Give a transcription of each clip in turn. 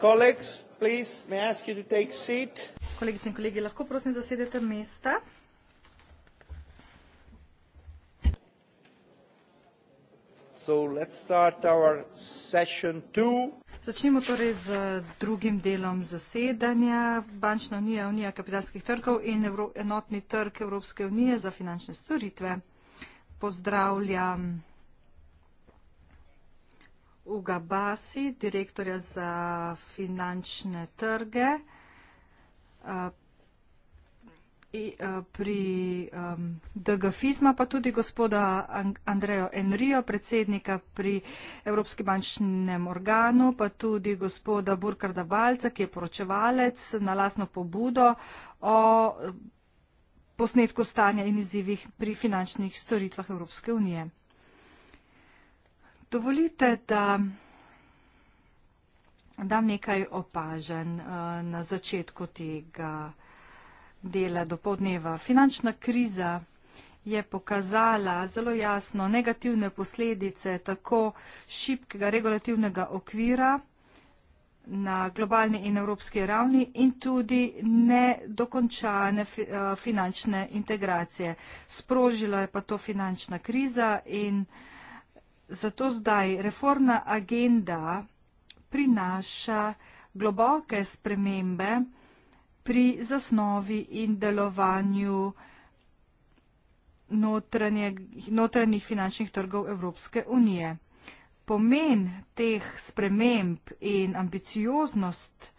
kolegice in kolegi lahko prosim zasedete mesta začnimo torej z drugim delom zasedanja bančna unija unija kapitalskih trgov in Evro enotni trg evropske unije za finančne storitve pozdravljam Uga Basi, direktorja za finančne trge pri um, DGFIZMA, pa tudi gospoda Andrejo Enrijo, predsednika pri Evropskem bančnem organu, pa tudi gospoda Burkarda Balca, ki je poročevalec na lasno pobudo o posnetku stanja in izzivih pri finančnih storitvah Evropske unije. Dovolite, da dam nekaj opažen eh, na začetku tega dela do podneva. Finančna kriza je pokazala zelo jasno negativne posledice tako šibkega regulativnega okvira na globalni in evropski ravni in tudi nedokončane eh, finančne integracije. Sprožila je pa to finančna kriza in vsega, Zato zdaj reformna agenda prinaša globoke spremembe pri zasnovi in delovanju notranjih finančnih trgov Evropske unije. Pomen teh sprememb in ambicioznost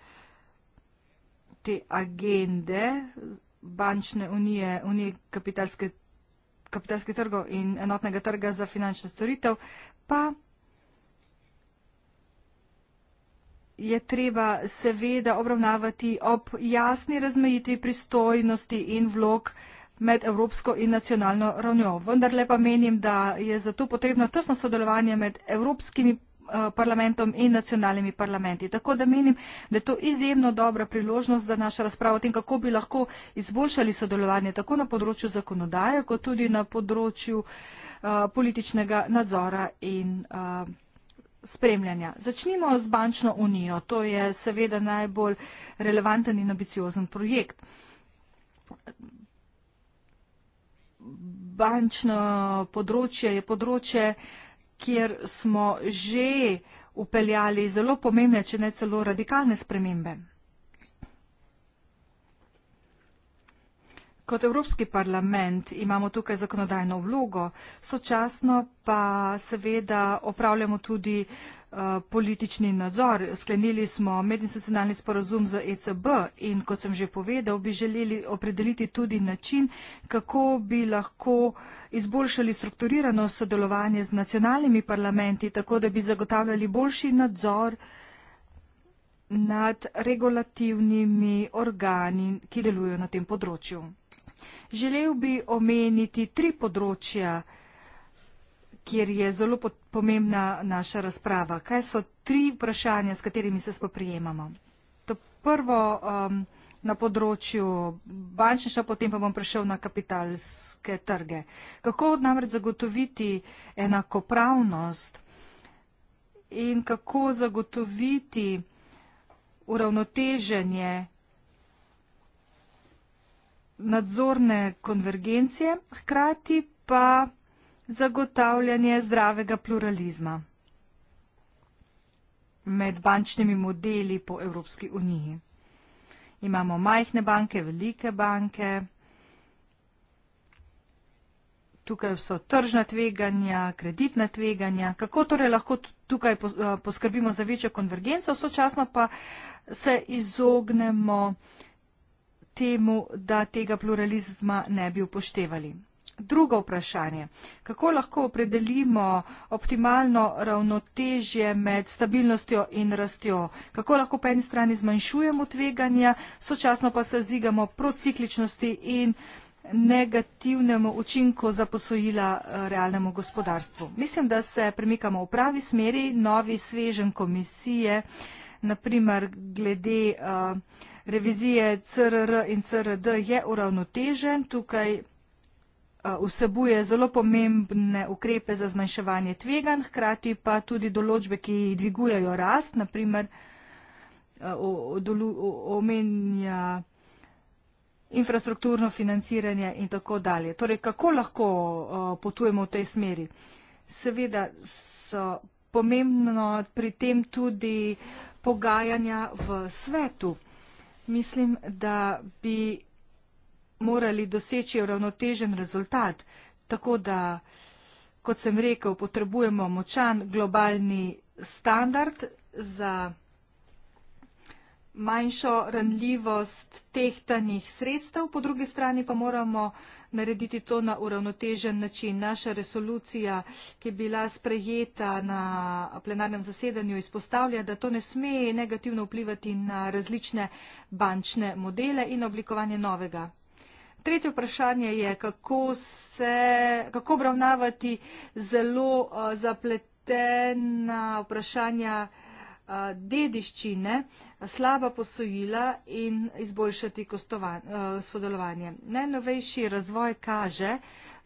te agende bančne unije, unije kapitalske trgov, kapitalskih trgov in enotnega trga za finančne storitev, pa je treba seveda obravnavati ob jasni razmejitvi pristojnosti in vlog med evropsko in nacionalno ravnjo. Vendar le pa menim, da je zato potrebno tesno sodelovanje med evropskimi Eh, parlamentom in nacionalnimi parlamenti. Tako da menim, da je to izjemno dobra priložnost, da naša razprava o tem, kako bi lahko izboljšali sodelovanje tako na področju zakonodaje, kot tudi na področju eh, političnega nadzora in eh, spremljanja. Začnimo z bančno unijo. To je seveda najbolj relevanten in ambiciozen projekt. Bančno področje je področje, kjer smo že upeljali zelo pomembne, če ne celo radikalne spremembe. Kot Evropski parlament imamo tukaj zakonodajno vlogo, sočasno pa seveda opravljamo tudi uh, Eh, politični nadzor. Sklenili smo medinstitucionalni sporazum z ECB in, kot sem že povedal, bi želeli opredeliti tudi način, kako bi lahko izboljšali strukturirano sodelovanje z nacionalnimi parlamenti, tako da bi zagotavljali boljši nadzor nad regulativnimi organi, ki delujejo na tem področju. Želel bi omeniti tri področja, kjer je zelo pomembna naša razprava. Kaj so tri vprašanja, s katerimi se spoprijemamo? To prvo um, na področju bančništva, potem pa bom prišel na kapitalske trge. Kako namreč zagotoviti enakopravnost in kako zagotoviti uravnoteženje nadzorne konvergencije, hkrati pa zagotavljanje zdravega pluralizma med bančnimi modeli po Evropski uniji. Imamo majhne banke, velike banke, tukaj so tržna tveganja, kreditna tveganja, kako torej lahko tukaj eh, poskrbimo za večjo konvergenco, sočasno pa se izognemo temu, da tega pluralizma ne bi upoštevali. Drugo vprašanje. Kako lahko opredelimo optimalno ravnotežje med stabilnostjo in rastjo? Kako lahko po eni strani zmanjšujemo tveganja, sočasno pa se vzigamo procikličnosti in negativnemu učinku za posojila eh, realnemu gospodarstvu? Mislim, da se premikamo v pravi smeri, novi svežen komisije, naprimer glede. Uh, Revizije CRR in CRD je uravnotežen, tukaj vsebuje zelo pomembne ukrepe za zmanjševanje tveganj, hkrati pa tudi določbe, ki dvigujejo rast, naprimer omenja infrastrukturno financiranje in tako dalje. Torej, kako lahko potujemo v tej smeri? Seveda so pomembno pri tem tudi pogajanja v svetu. Mislim, da bi morali doseči ravnotežen rezultat, tako da, kot sem rekel, potrebujemo močan globalni standard za manjšo ranljivost tehtanih sredstev, po drugi strani pa moramo narediti to na uravnotežen način. Naša resolucija, ki je bila sprejeta na plenarnem zasedanju, izpostavlja, da to ne sme negativno vplivati na različne bančne modele in oblikovanje novega tretje vprašanje je, kako, se, kako obravnavati zelo uh, zapletena vprašanja uh, dediščine, slaba posojila in izboljšati kostovan, uh, sodelovanje. Najnovejši razvoj kaže,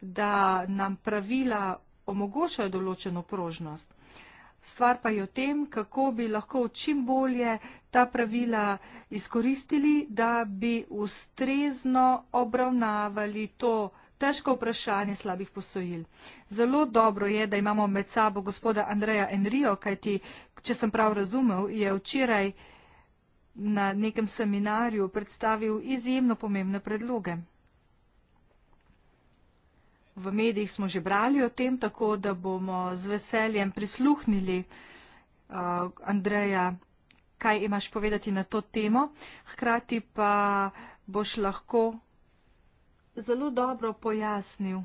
da nam pravila omogočajo določeno prožnost. Uh, stvar pa je v tem, kako bi lahko čim bolje ta pravila izkoristili, da bi ustrezno obravnavali to težko vprašanje slabih posojil. Zelo dobro je, da imamo med sabo gospoda Andreja Enrijo, kajti, če sem prav razumel, je včeraj na nekem seminarju predstavil izjemno pomembne predloge. V medijih smo že brali o tem, tako da bomo z veseljem prisluhnili uh, Andreja, kaj imaš povedati na to temo. Hkrati pa boš lahko zelo dobro pojasnil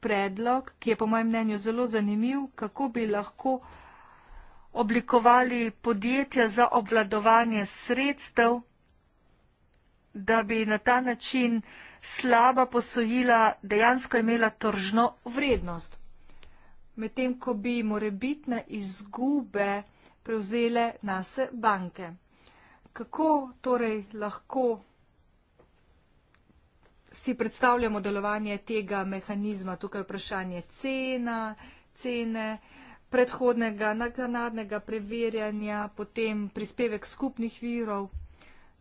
predlog, ki je po mojem mnenju zelo zanimiv, kako bi lahko oblikovali podjetja za obvladovanje sredstev, da bi na ta način uh, slaba posojila dejansko imela tržno vrednost, medtem ko bi morebitne izgube prevzele nase banke. Kako torej lahko si predstavljamo delovanje tega mehanizma? Tukaj je vprašanje cena, cene predhodnega nagradnega preverjanja, potem prispevek skupnih virov.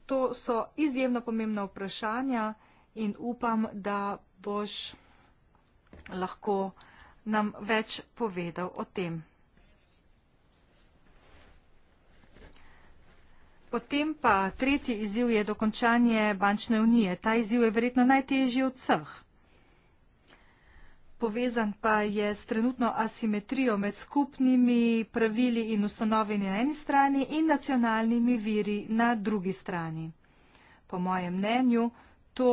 To so izjemno pomembna vprašanja in upam, da boš lahko nam več povedal o tem. Potem pa tretji izziv je dokončanje bančne unije. Ta izziv je verjetno najtežji od vseh. Povezan pa je s trenutno asimetrijo med skupnimi pravili in ustanovami na eni strani in nacionalnimi viri na drugi strani. Po mojem mnenju, to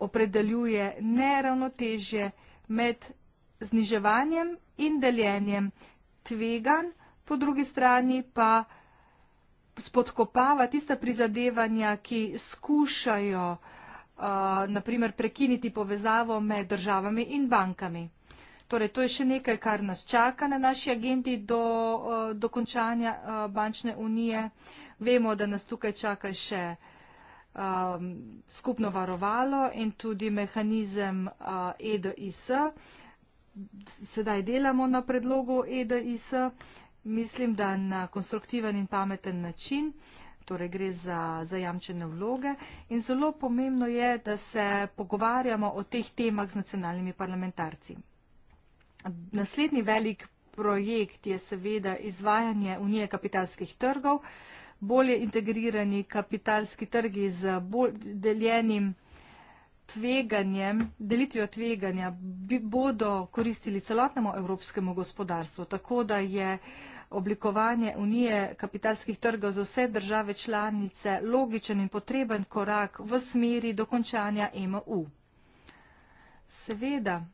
opredeljuje neravnotežje med zniževanjem in deljenjem tveganj, po drugi strani pa spodkopava tista prizadevanja, ki skušajo uh, naprimer prekiniti povezavo med državami in bankami. Torej, to je še nekaj, kar nas čaka na naši agendi do uh, dokončanja uh, bančne unije. Vemo, da nas tukaj čaka še uh, um, skupno varovalo in tudi mehanizem uh, EDIS. Sedaj delamo na predlogu EDIS, mislim, da na konstruktiven in pameten način, torej gre za zajamčene vloge. In zelo pomembno je, da se pogovarjamo o teh temah z nacionalnimi parlamentarci. Naslednji velik projekt je seveda izvajanje Unije kapitalskih trgov. Uh, bolje integrirani kapitalski trgi z bolj deljenim tveganjem, delitvijo tveganja, bodo koristili celotnemu evropskemu gospodarstvu. Tako da je oblikovanje unije kapitalskih trgov za vse države članice logičen in potreben korak v smeri dokončanja EMU. Seveda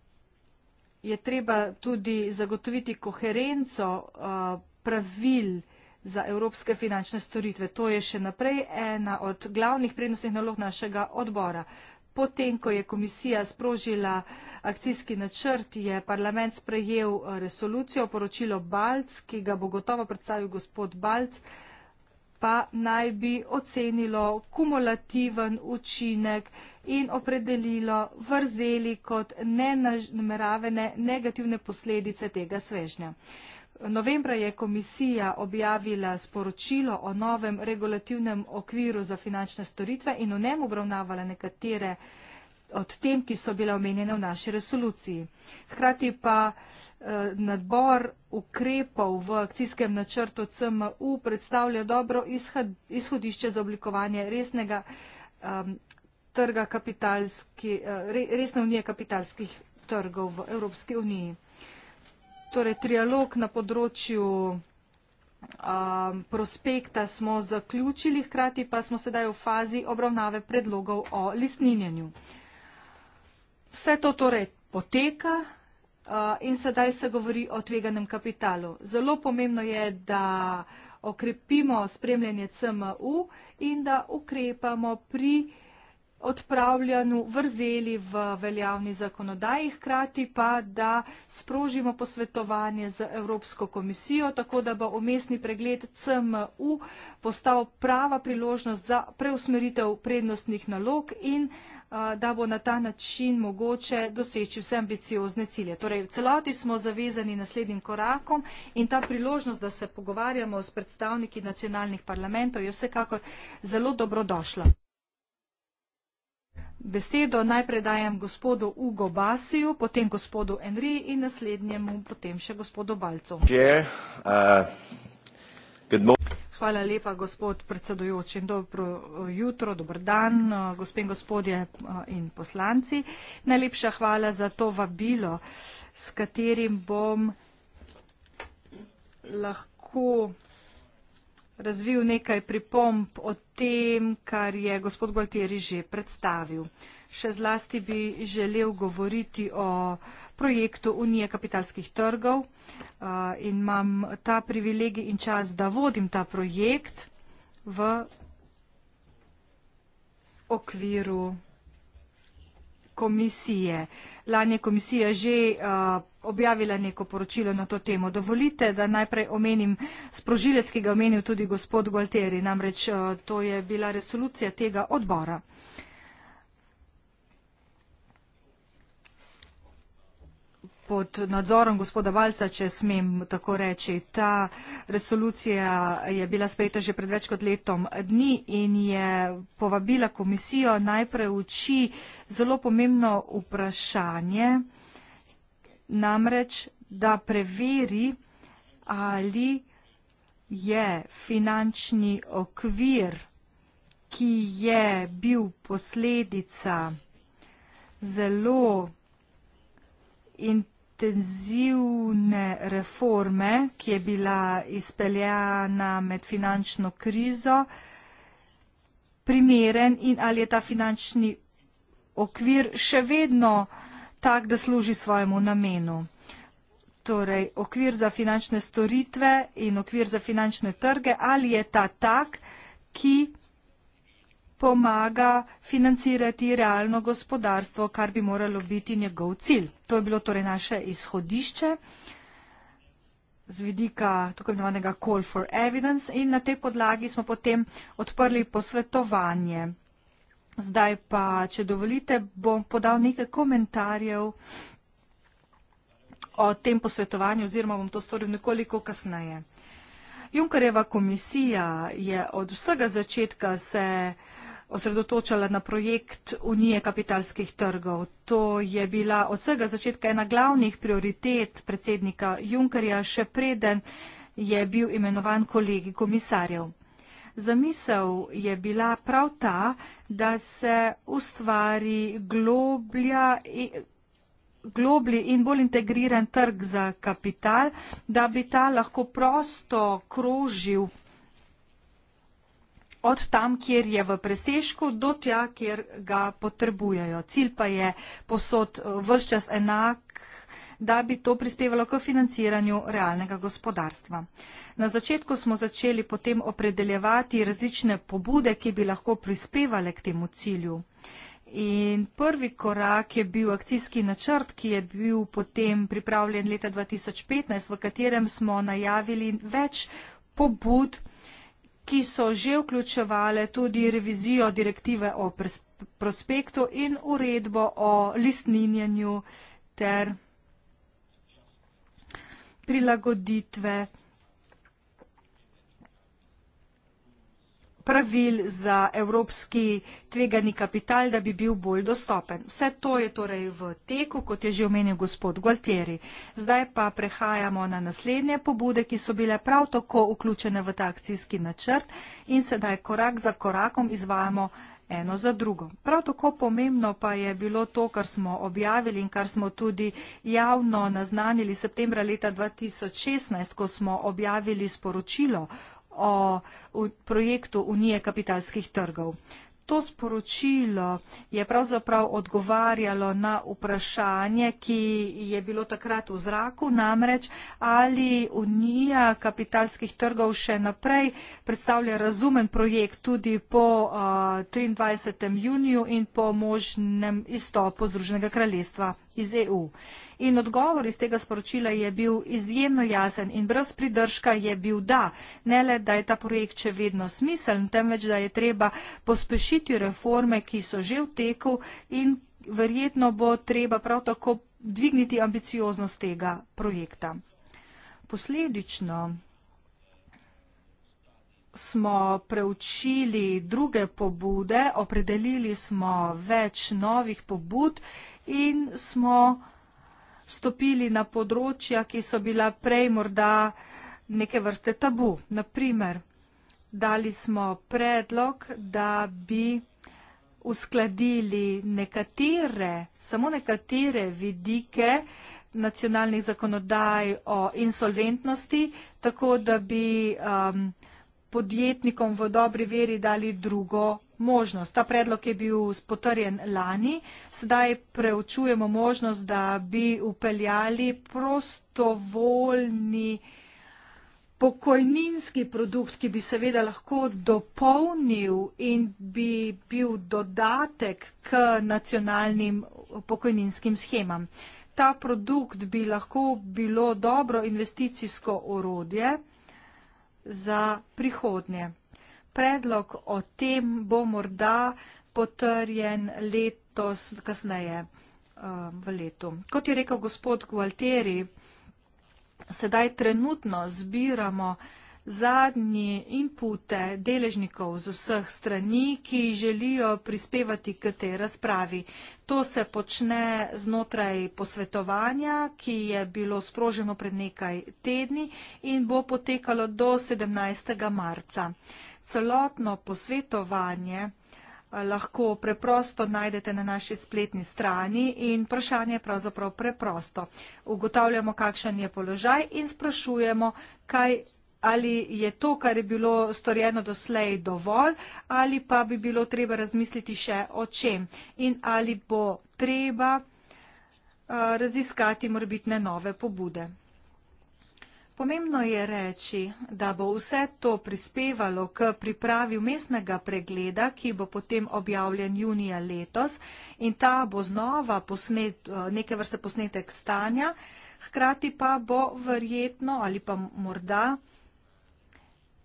je treba tudi zagotoviti koherenco uh, pravil, za evropske finančne storitve. To je še naprej ena od glavnih prednostnih nalog našega odbora. Potem, ko je komisija sprožila akcijski načrt, je parlament sprejel eh, resolucijo, poročilo Balc, ki ga bo gotovo predstavil gospod Balc, pa naj bi ocenilo kumulativen učinek in opredelilo vrzeli kot nenameravene negativne posledice tega svežnja. Novembra je komisija objavila sporočilo o novem regulativnem okviru za finančne storitve in v njem obravnavala nekatere od tem, ki so bile omenjene v naši resoluciji. Hkrati pa eh, nadbor ukrepov v akcijskem načrtu CMU predstavlja dobro izhodišče za oblikovanje resnega trga kapitalskih, eh, resne unije kapitalskih trgov v Evropski uniji torej trialog na področju um, prospekta smo zaključili, hkrati pa smo sedaj v fazi obravnave predlogov o listninjenju. Vse to torej poteka uh, in sedaj se govori o tveganem kapitalu. Zelo pomembno je, da okrepimo spremljanje CMU in da ukrepamo pri uh, odpravljanju vrzeli v veljavni zakonodaji, hkrati pa, da sprožimo posvetovanje z Evropsko komisijo, tako da bo umestni pregled CMU postal prava priložnost za preusmeritev prednostnih nalog in eh, da bo na ta način mogoče doseči vse ambiciozne cilje. Torej, v celoti smo zavezani naslednjim korakom in ta priložnost, da se pogovarjamo s predstavniki nacionalnih parlamentov, je vsekakor zelo dobrodošla besedo najprej dajem gospodu Ugo Basiju, potem gospodu Enri in naslednjemu potem še gospodu Balcu. Eh, hvala lepa, gospod predsedujoči. Dobro jutro, dobr dan, eh, gospe in gospodje eh, in poslanci. Najlepša hvala za to vabilo, s katerim bom lahko razvil nekaj pripomp o tem, kar je gospod Gualtieri že predstavil. Še zlasti bi želel govoriti o projektu Unije kapitalskih trgov in imam ta privilegij in čas, da vodim ta projekt v okviru komisije. Lani je komisija že uh, objavila neko poročilo na to temo. Dovolite, da najprej omenim sprožilec, ki ga omenil tudi gospod Gualteri. Namreč uh, to je bila resolucija tega odbora. Uh, pod nadzorom gospoda Valca, če smem tako reči. Ta resolucija je bila sprejeta že pred več kot letom dni in je povabila komisijo najprej uči zelo pomembno vprašanje, namreč, da preveri, ali je finančni okvir, ki je bil posledica zelo in intenzivne reforme, ki je bila izpeljana med finančno krizo, primeren in ali je ta finančni okvir še vedno tak, da služi svojemu namenu. Torej, okvir za finančne storitve in okvir za finančne trge, ali je ta tak, ki pomaga financirati realno gospodarstvo, kar bi moralo biti njegov cilj. To je bilo torej naše izhodišče z vidika tako imenovanega call for evidence in na tej podlagi smo potem odprli posvetovanje. Zdaj pa, če dovolite, bom podal nekaj komentarjev o tem posvetovanju oziroma bom to storil nekoliko kasneje. Junkareva komisija je od vsega začetka se uh, osredotočala na projekt Unije kapitalskih trgov. To je bila od vsega začetka ena glavnih prioritet predsednika Junkerja, še preden je bil imenovan kolegi komisarjev. Zamisel je bila prav ta, da se ustvari globlja, globli in bolj integriran trg za kapital, da bi ta lahko prosto krožil od tam, kjer je v presežku, do tja, kjer ga potrebujejo. Cilj pa je posod eh, vse čas enak da bi to prispevalo k financiranju realnega gospodarstva. Na začetku smo začeli potem opredeljevati različne pobude, ki bi lahko prispevale k temu cilju. In prvi korak je bil akcijski načrt, ki je bil potem pripravljen leta 2015, v katerem smo najavili več pobud, ki so že vključevale tudi revizijo direktive o prospektu in uredbo o listninjenju ter prilagoditve. pravil za evropski tvegani kapital, da bi bil bolj dostopen. Vse to je torej v teku, kot je že omenil gospod Gualtieri. Zdaj pa prehajamo na naslednje pobude, ki so bile prav tako vključene v ta akcijski načrt in sedaj korak za korakom izvajamo eno za drugo. Prav tako pomembno pa je bilo to, kar smo objavili in kar smo tudi javno naznanili septembra leta 2016, ko smo objavili sporočilo o projektu Unije kapitalskih trgov. To sporočilo je pravzaprav odgovarjalo na vprašanje, ki je bilo takrat v zraku, namreč ali Unija kapitalskih trgov še naprej predstavlja razumen projekt tudi po uh, 23. juniju in po možnem izstopu Združenega kraljestva iz EU. Uh, In odgovor iz tega sporočila je bil izjemno jasen in brez pridržka je bil da. Ne le, da je ta projekt še vedno smiseln, temveč, da je treba pospešiti reforme, ki so že v teku in verjetno bo treba prav tako dvigniti ambicioznost tega projekta. Posledično smo preučili druge pobude, opredelili smo več novih pobud in smo stopili na področja, ki so bila prej morda neke vrste tabu. Naprimer, dali smo predlog, da bi uskladili nekatere, samo nekatere vidike nacionalnih zakonodaj o insolventnosti, tako da bi um, podjetnikom v dobri veri dali drugo možnost. Ta predlog je bil spotrjen lani, sedaj preučujemo možnost, da bi upeljali prostovoljni pokojninski produkt, ki bi seveda lahko dopolnil in bi bil dodatek k nacionalnim pokojninskim schemam. Ta produkt bi lahko bilo dobro investicijsko orodje za prihodnje predlog o tem bo morda potrjen letos, kasneje eh, v letu. Kot je rekel gospod Gualteri, sedaj trenutno zbiramo zadnji inpute deležnikov z vseh strani, ki želijo prispevati k tej razpravi. To se počne znotraj posvetovanja, ki je bilo sproženo pred nekaj tedni in bo potekalo do 17. marca celotno posvetovanje eh, lahko preprosto najdete na naši spletni strani in vprašanje je pravzaprav preprosto. Ugotavljamo, kakšen je položaj in sprašujemo, kaj ali je to, kar je bilo storjeno doslej dovolj, ali pa bi bilo treba razmisliti še o čem in ali bo treba eh, raziskati morbitne nove pobude. Pomembno je reči, da bo vse to prispevalo k pripravi mestnega pregleda, ki bo potem objavljen junija letos in ta bo znova posnet, eh, neke vrste posnetek stanja, hkrati pa bo verjetno ali pa morda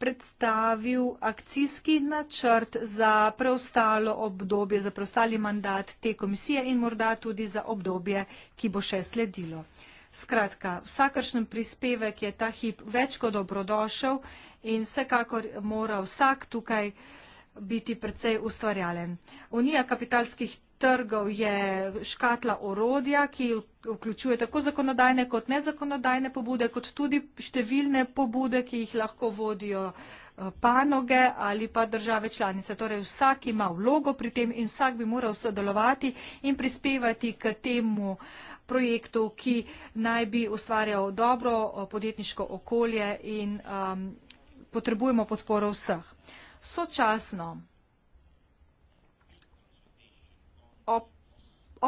predstavil akcijski načrt za preostalo obdobje, za preostali mandat te komisije in morda tudi za obdobje, ki bo še sledilo. Skratka, vsakršen prispevek je ta hip več kot dobrodošel in vsekakor mora vsak tukaj biti precej ustvarjalen. Unija kapitalskih trgov je škatla orodja, ki vključuje tako zakonodajne kot nezakonodajne pobude, kot tudi številne pobude, ki jih lahko vodijo eh, panoge ali pa države članice. Torej vsak ima vlogo pri tem in vsak bi moral sodelovati in prispevati k temu uh, projektu, ki naj bi ustvarjal dobro eh, podjetniško okolje in um, potrebujemo podporo vseh. Sočasno ob,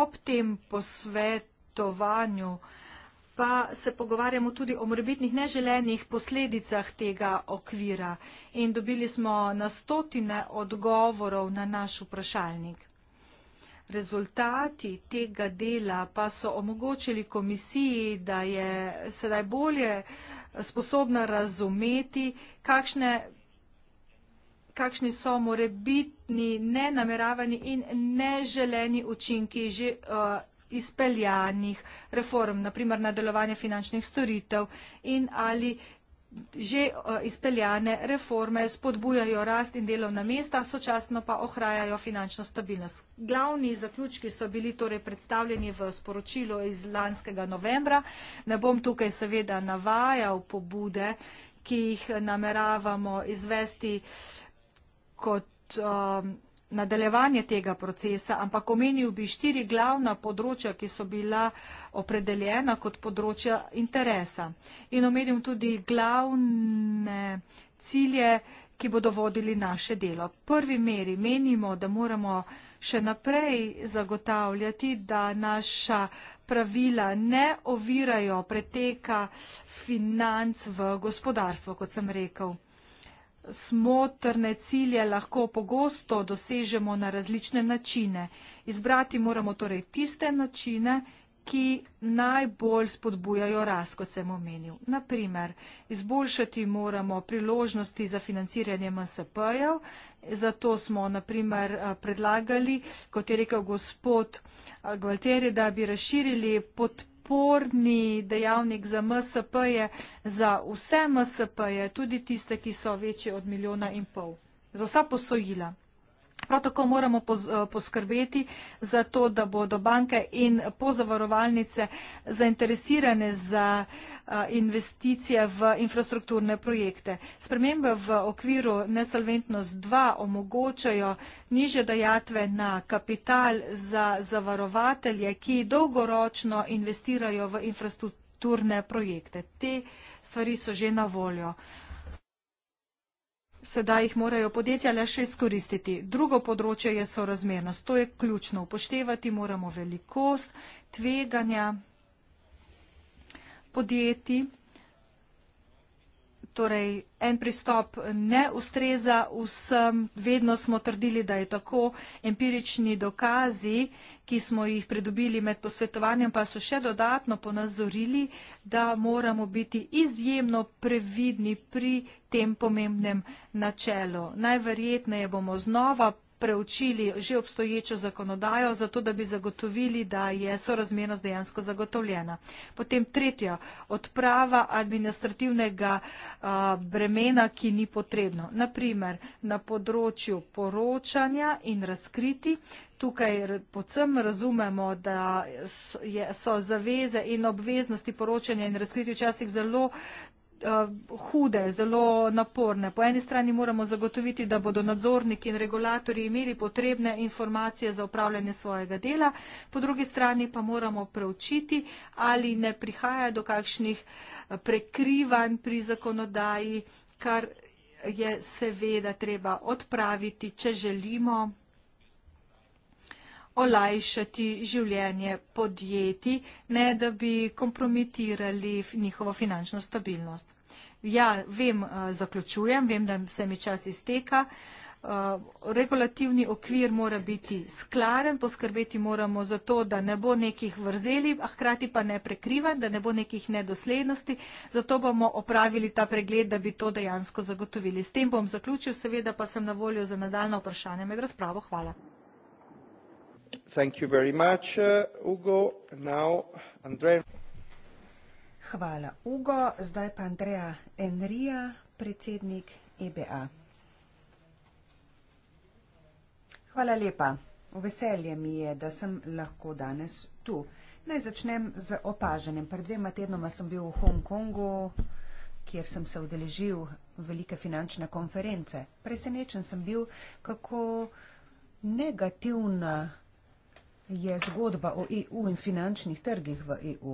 ob tem posvetovanju pa se pogovarjamo tudi o morebitnih neželenih posledicah tega okvira in dobili smo na stotine odgovorov na naš vprašalnik. Rezultati tega dela pa so omogočili komisiji, da je sedaj bolje sposobna razumeti, kakšne, kakšni so morebitni nenameravani in neželeni učinki že uh, izpeljanih reform, naprimer na delovanje finančnih storitev in ali že eh, izpeljane reforme spodbujajo rast in delovna mesta, sočasno pa ohrajajo finančno stabilnost. Glavni zaključki so bili torej predstavljeni v sporočilu iz lanskega novembra. Ne bom tukaj seveda navajal pobude, ki jih nameravamo izvesti kot um, nadaljevanje tega procesa, ampak omenil bi štiri glavna področja, ki so bila opredeljena kot področja interesa. In omenil tudi glavne cilje, ki bodo vodili naše delo. V prvi meri menimo, da moramo še naprej zagotavljati, da naša pravila ne ovirajo preteka financ v gospodarstvo, kot sem rekel. Smotrne cilje lahko pogosto dosežemo na različne načine. Izbrati moramo torej tiste načine, ki najbolj spodbujajo rast, kot sem omenil. Naprimer, izboljšati moramo priložnosti za financiranje MSP-jev, zato smo naprimer eh, predlagali, kot je rekel gospod eh, Gvalteri, da bi razširili podporo podporni dejavnik za MSP-je, za vse MSP-je, tudi tiste, ki so večje od milijona in pol, za vsa posojila. Prav tako moramo eh, poskrbeti za to, da bodo banke in pozavarovalnice zainteresirane za eh, investicije v infrastrukturne projekte. Spremembe v okviru Nesolventnost 2 omogočajo niže dajatve na kapital za zavarovatelje, ki dolgoročno investirajo v infrastrukturne projekte. Te stvari so že na voljo sedaj jih morajo podjetja le še izkoristiti. Drugo področje je sorazmernost. To je ključno. Upoštevati moramo velikost, tveganja podjetij torej en pristop ne ustreza vsem, vedno smo trdili, da je tako, empirični dokazi, ki smo jih pridobili med posvetovanjem, pa so še dodatno ponazorili, da moramo biti izjemno previdni pri tem pomembnem načelu. Najverjetneje bomo znova preučili že obstoječo zakonodajo, zato da bi zagotovili, da je sorazmernost dejansko zagotovljena. Potem tretja, odprava administrativnega a, bremena, ki ni potrebno. Naprimer, na področju poročanja in razkriti, tukaj podsem razumemo, da so zaveze in obveznosti poročanja in razkriti včasih zelo uh, hude, zelo naporne. Po eni strani moramo zagotoviti, da bodo nadzorniki in regulatori imeli potrebne informacije za upravljanje svojega dela, po drugi strani pa moramo preučiti, ali ne prihaja do kakšnih eh, prekrivanj pri zakonodaji, kar je seveda treba odpraviti, če želimo olajšati življenje podjetij, ne da bi kompromitirali njihovo finančno stabilnost. Ja, vem, eh, zaključujem, vem, da se mi čas izteka. Eh, regulativni okvir mora biti skladen, poskrbeti moramo za to, da ne bo nekih vrzeli, a hkrati pa ne prekrivan, da ne bo nekih nedoslednosti. Zato bomo opravili ta pregled, da bi to dejansko zagotovili. S tem bom zaključil, seveda pa sem na voljo za nadaljno vprašanje med razpravo. Hvala. Uh, Hvala, Ugo. Zdaj pa Andreja Enrija, predsednik EBA. Hvala lepa. Veselje mi je, da sem lahko danes tu. Naj začnem z opažanjem. Pred dvema tednoma sem bil v Hongkongu, kjer sem se odeležil velike finančne konference. Presenečen sem bil, kako negativna je zgodba o EU in finančnih trgih v EU.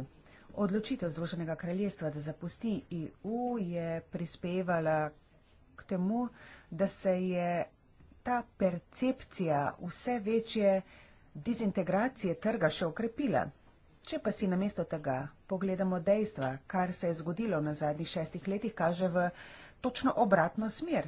Odločitev Združenega kraljestva, da zapusti EU, je prispevala k temu, da se je ta percepcija vse večje dezintegracije trga še okrepila. Če pa si namesto tega pogledamo dejstva, kar se je zgodilo na zadnjih šestih letih, kaže v točno obratno smer.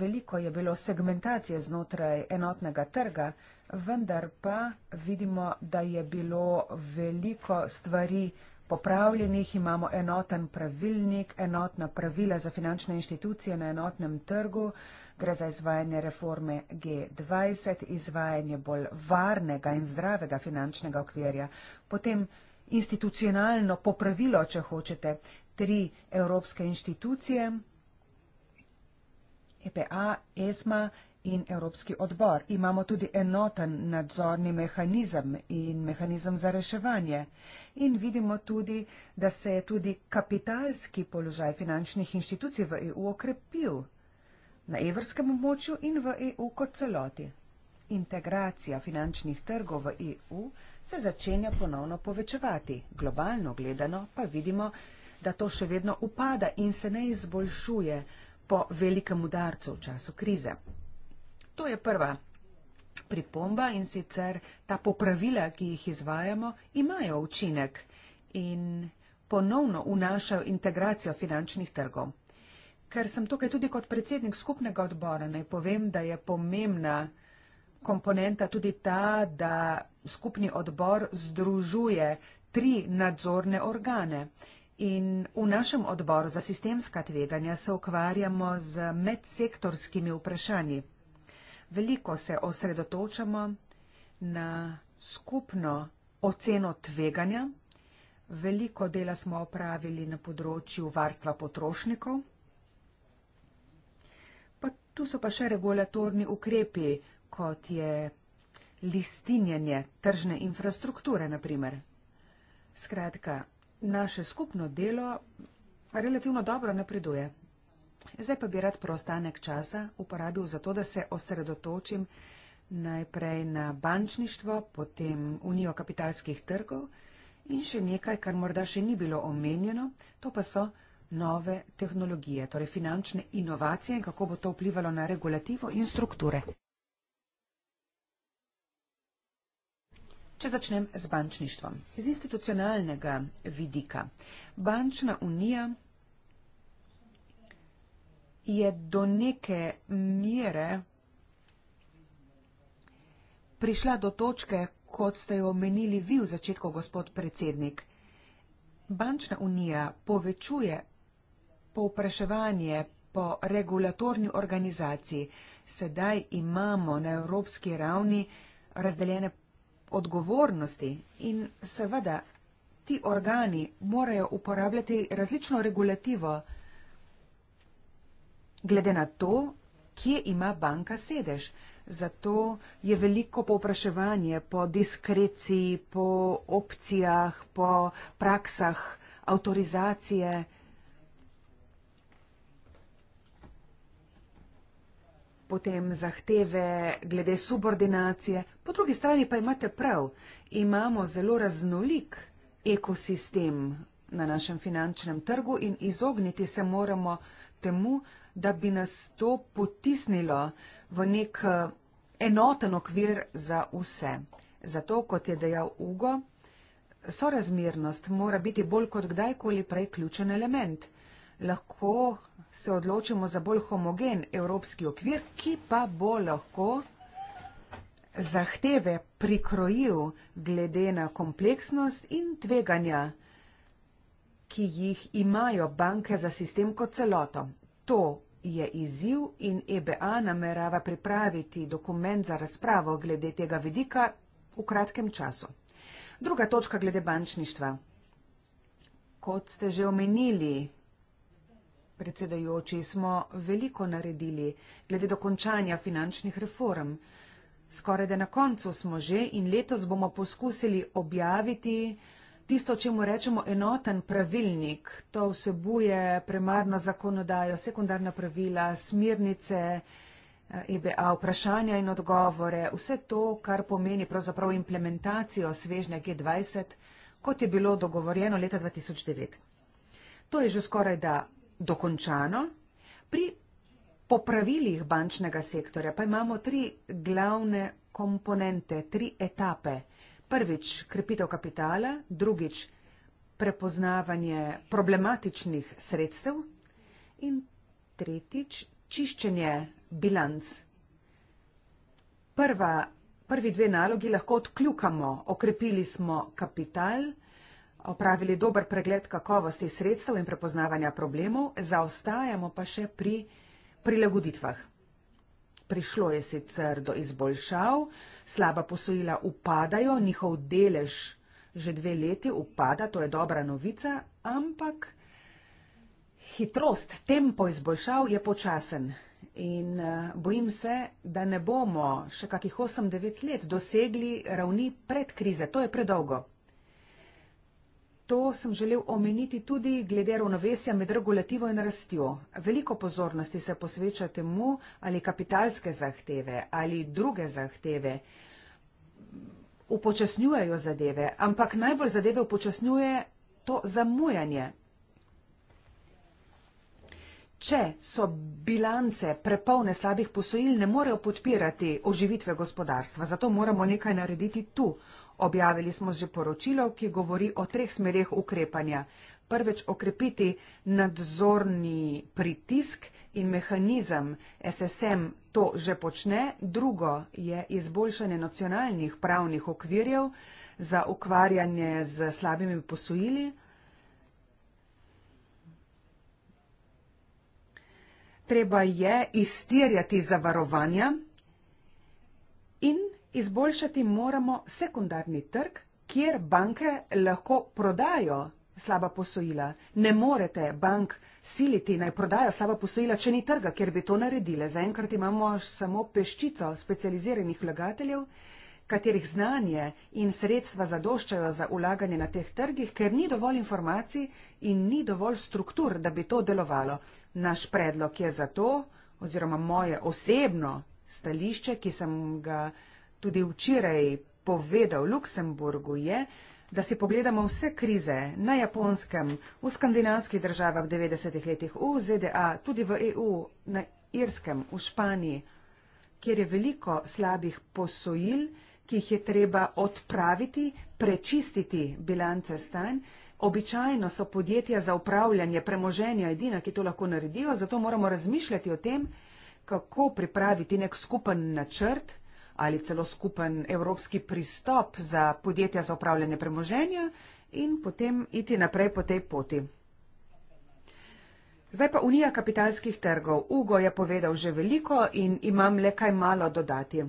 Veliko je bilo segmentacije znotraj enotnega trga, vendar pa vidimo, da je bilo veliko stvari popravljenih, imamo enoten pravilnik, enotna pravila za finančne inštitucije na enotnem trgu, gre za izvajanje reforme G20, izvajanje bolj varnega in zdravega finančnega okvirja, potem institucionalno popravilo, če hočete, tri evropske inštitucije, EPA, ESMA, in Evropski odbor. Imamo tudi enoten nadzorni mehanizem in mehanizem za reševanje. In vidimo tudi, da se je tudi kapitalski položaj finančnih inštitucij v EU okrepil na evrskem območju in v EU kot celoti. Integracija finančnih trgov v EU se začenja ponovno povečevati. Globalno gledano pa vidimo, da to še vedno upada in se ne izboljšuje po velikem udarcu v času krize. To je prva pripomba in sicer ta popravila, ki jih izvajamo, imajo učinek in ponovno vnašajo integracijo finančnih trgov. Ker sem tukaj tudi kot predsednik skupnega odbora, naj povem, da je pomembna komponenta tudi ta, da skupni odbor združuje tri nadzorne organe. In v našem odboru za sistemska tveganja se ukvarjamo z medsektorskimi vprašanji veliko se osredotočamo na skupno oceno tveganja, veliko dela smo opravili na področju varstva potrošnikov, pa tu so pa še regulatorni ukrepi, kot je listinjanje tržne infrastrukture, naprimer. Skratka, naše skupno delo relativno dobro napreduje. Zdaj pa bi rad preostanek časa uporabil za to, da se osredotočim najprej na bančništvo, potem unijo kapitalskih trgov in še nekaj, kar morda še ni bilo omenjeno, to pa so nove tehnologije, torej finančne inovacije in kako bo to vplivalo na regulativo in strukture. Če začnem z bančništvom, iz institucionalnega vidika, bančna unija je do neke mire prišla do točke, kot ste jo omenili vi v začetku, gospod predsednik. Bančna unija povečuje povpraševanje po regulatorni organizaciji. Sedaj imamo na evropski ravni razdeljene odgovornosti in seveda ti organi morajo uporabljati različno regulativo glede na to, kje ima banka sedež. Zato je veliko povpraševanje po diskreciji, po opcijah, po praksah avtorizacije. Potem zahteve glede subordinacije. Po drugi strani pa imate prav, imamo zelo raznolik ekosistem na našem finančnem trgu in izogniti se moramo uh, temu, da bi nas to potisnilo v nek eh, enoten okvir za vse. Zato, kot je dejal Ugo, sorazmernost mora biti bolj kot kdajkoli prej ključen element. Lahko se odločimo za bolj homogen evropski okvir, ki pa bo lahko zahteve prikrojil glede na kompleksnost in tveganja ki jih imajo banke za sistem kot celoto. To je izziv in EBA namerava pripraviti dokument za razpravo glede tega vidika v kratkem času. Druga točka glede bančništva. Kot ste že omenili, predsedajoči, smo veliko naredili glede dokončanja finančnih reform. Skoraj da na koncu smo že in letos bomo poskusili objaviti tisto, čemu rečemo enoten pravilnik, to vsebuje primarno zakonodajo, sekundarna pravila, smirnice, EBA, eh, e vprašanja in odgovore, vse to, kar pomeni pravzaprav implementacijo svežnja G20, kot je bilo dogovorjeno leta 2009. To je že skoraj da dokončano. Pri popravilih bančnega sektorja pa imamo tri glavne komponente, tri etape prvič krepitev kapitala, drugič prepoznavanje problematičnih sredstev in tretjič čiščenje bilanc. Prva, prvi dve nalogi lahko odkljukamo. Okrepili smo kapital, opravili dober pregled kakovosti sredstev in prepoznavanja problemov, zaostajamo pa še pri prilagoditvah. Prišlo je sicer do izboljšav, Slaba posojila upadajo, njihov delež že dve leti upada, to je dobra novica, ampak hitrost tempo izboljšav je počasen. In eh, bojim se, da ne bomo še kakih 8-9 let dosegli ravni pred krize. To je predolgo. To sem želel omeniti tudi glede ravnovesja med regulativo in rastjo. Veliko pozornosti se posveča temu, ali kapitalske zahteve ali druge zahteve upočasnjujejo zadeve, ampak najbolj zadeve upočasnjuje to zamujanje. Če so bilance prepolne slabih posojil, ne morejo podpirati oživitve gospodarstva, zato moramo nekaj narediti tu. Objavili smo že poročilo, ki govori o treh smerih ukrepanja. Prvič, okrepiti nadzorni pritisk in mehanizem. SSM to že počne. Drugo je izboljšanje nacionalnih pravnih okvirjev za ukvarjanje z slabimi posojili. Treba je iztirjati zavarovanja in izboljšati moramo sekundarni trg, kjer banke lahko prodajo slaba posojila. Ne morete bank siliti naj prodajo slaba posojila, če ni trga, ker bi to naredile. Zaenkrat imamo samo peščico specializiranih vlagateljev, katerih znanje in sredstva zadoščajo za ulaganje na teh trgih, ker ni dovolj informacij in ni dovolj struktur, da bi to delovalo. Naš predlog je zato, oziroma moje osebno stališče, ki sem ga tudi včeraj povedal Luksemburgu, je, da si pogledamo vse krize na japonskem, v skandinavskih državah v 90-ih letih, v ZDA, tudi v EU, na Irskem, v Španiji, kjer je veliko slabih posojil, ki jih je treba odpraviti, prečistiti bilance stanj. Običajno so podjetja za upravljanje premoženja edina, ki to lahko naredijo, zato moramo razmišljati o tem, kako pripraviti nek skupen načrt, ali celo skupen evropski pristop za podjetja za upravljanje premoženja in potem iti naprej po tej poti. Zdaj pa Unija kapitalskih trgov. Ugo je povedal že veliko in imam le kaj malo dodati.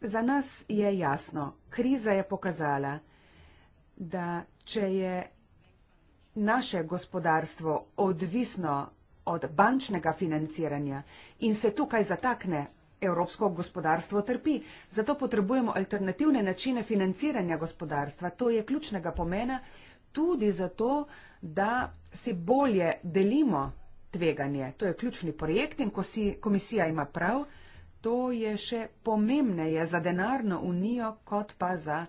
Za nas je jasno, kriza je pokazala, da če je naše gospodarstvo odvisno od bančnega financiranja in se tukaj zatakne, evropsko gospodarstvo trpi. Zato potrebujemo alternativne načine financiranja gospodarstva. To je ključnega pomena tudi zato, da si bolje delimo tveganje. To je ključni projekt in ko si komisija ima prav, to je še pomembneje za denarno unijo, kot pa za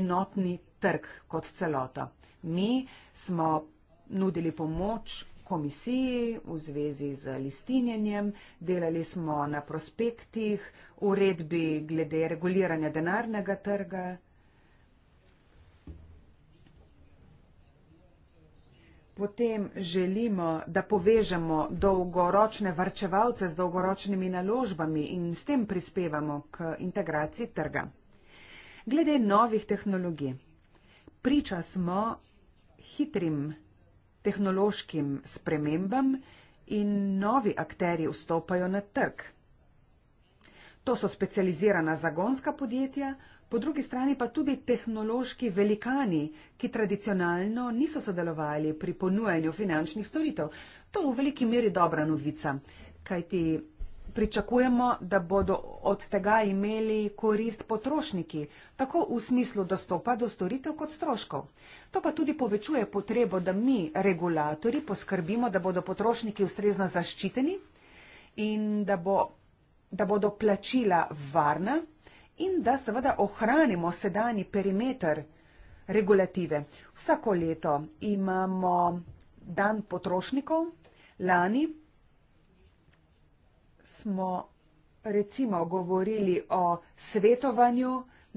enotni trg kot celota. Mi smo nudili pomoč komisiji v zvezi z listinjenjem, delali smo na prospektih, uredbi glede reguliranja denarnega trga. Potem želimo, da povežemo dolgoročne varčevalce z dolgoročnimi naložbami in s tem prispevamo k integraciji trga. Glede novih tehnologij. Priča smo hitrim tehnološkim spremembam in novi akteri vstopajo na trg. To so specializirana zagonska podjetja, po drugi strani pa tudi tehnološki velikani, ki tradicionalno niso sodelovali pri ponujanju finančnih storitev. To je v veliki meri dobra novica, kajti pričakujemo, da bodo od tega imeli korist potrošniki, tako v smislu dostopa do storitev kot stroškov. To pa tudi povečuje potrebo, da mi, regulatori, poskrbimo, da bodo potrošniki ustrezno zaščiteni in da, bo, da bodo plačila varna in da seveda ohranimo sedani perimeter regulative. Vsako leto imamo dan potrošnikov, lani smo recimo govorili o svetovanju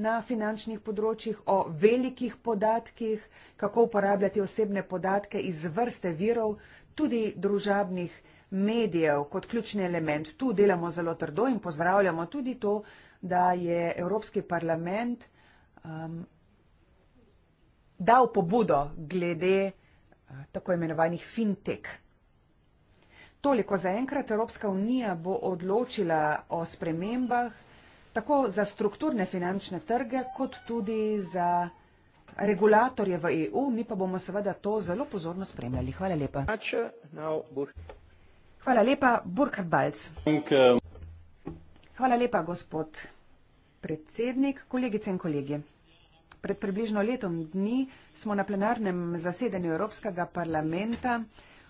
na finančnih področjih, o velikih podatkih, kako uporabljati osebne podatke iz vrste virov, tudi družabnih medijev kot ključni element. Tu delamo zelo trdo in pozdravljamo tudi to, da je Evropski parlament um, dal pobudo glede uh, tako imenovanih fintech Toliko za enkrat Evropska unija bo odločila o spremembah tako za strukturne finančne trge, kot tudi za regulatorje v EU. Mi pa bomo seveda to zelo pozorno spremljali. Hvala lepa. Hvala lepa, Burkhard Balc. Hvala lepa, gospod predsednik, kolegice in kolegi. Pred približno letom dni smo na plenarnem zasedanju Evropskega parlamenta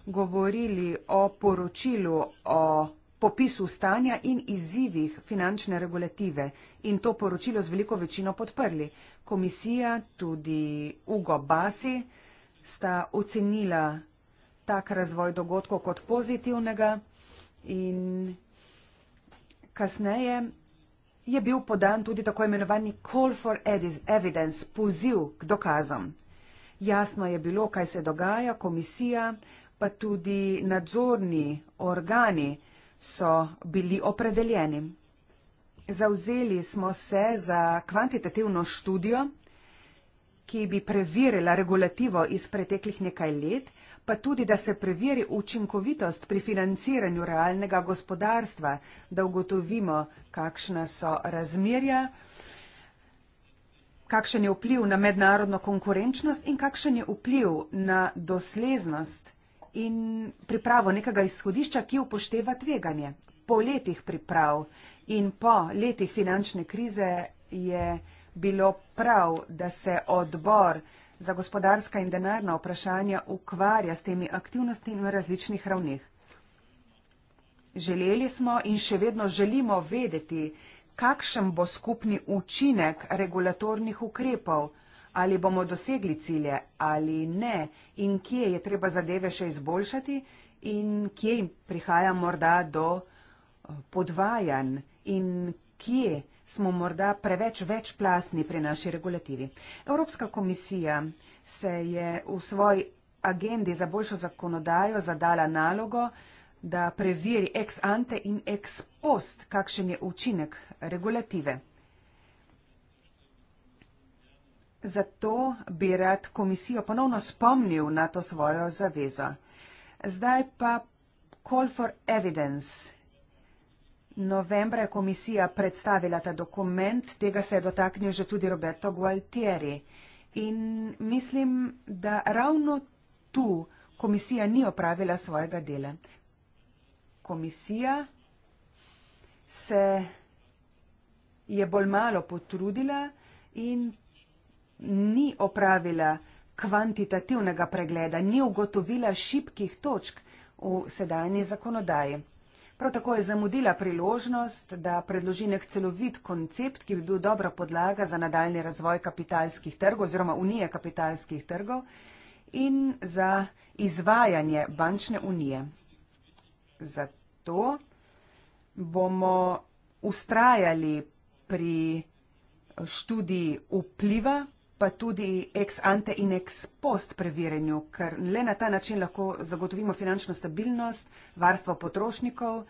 govorili o poročilu o popisu stanja in izzivih finančne regulative in to poročilo z veliko večino podprli. Komisija, tudi Ugo Basi, sta ocenila tak razvoj dogodkov kot pozitivnega in kasneje je bil podan tudi tako imenovani call for evidence, poziv k dokazom. Jasno je bilo, kaj se dogaja, komisija pa tudi nadzorni organi so bili opredeljeni. Zauzeli smo se za kvantitativno študijo, ki bi preverila regulativo iz preteklih nekaj let, pa tudi, da se preveri učinkovitost pri financiranju realnega gospodarstva, da ugotovimo, kakšna so razmerja, kakšen je vpliv na mednarodno konkurenčnost in kakšen je vpliv na dosleznost in pripravo nekega izhodišča, ki upošteva tveganje. Po letih priprav in po letih finančne krize je bilo prav, da se odbor za gospodarska in denarna vprašanja ukvarja s temi aktivnostmi na različnih ravneh. Želeli smo in še vedno želimo vedeti, kakšen bo skupni učinek regulatornih ukrepov, ali bomo dosegli cilje ali ne in kje je treba zadeve še izboljšati in kje prihaja morda do eh, podvajanj in kje smo morda preveč večplastni pri naši regulativi. Evropska komisija se je v svoj agendi za boljšo zakonodajo zadala nalogo, da preveri ex ante in ex post, kakšen je učinek regulative. Zato bi rad komisijo ponovno spomnil na to svojo zavezo. Zdaj pa call for evidence. Novembra je komisija predstavila ta dokument, tega se je dotaknil že tudi Roberto Gualtieri. In mislim, da ravno tu komisija ni opravila svojega dela. Komisija se je bolj malo potrudila in ni opravila kvantitativnega pregleda, ni ugotovila šibkih točk v sedajni zakonodaji. Prav tako je zamudila priložnost, da predloži nek celovit koncept, ki bi bil dobra podlaga za nadaljni razvoj kapitalskih trgov oziroma unije kapitalskih trgov in za izvajanje bančne unije. Zato bomo ustrajali pri študiji vpliva pa tudi ex ante in ex post preverjanju, ker le na ta način lahko zagotovimo finančno stabilnost, varstvo potrošnikov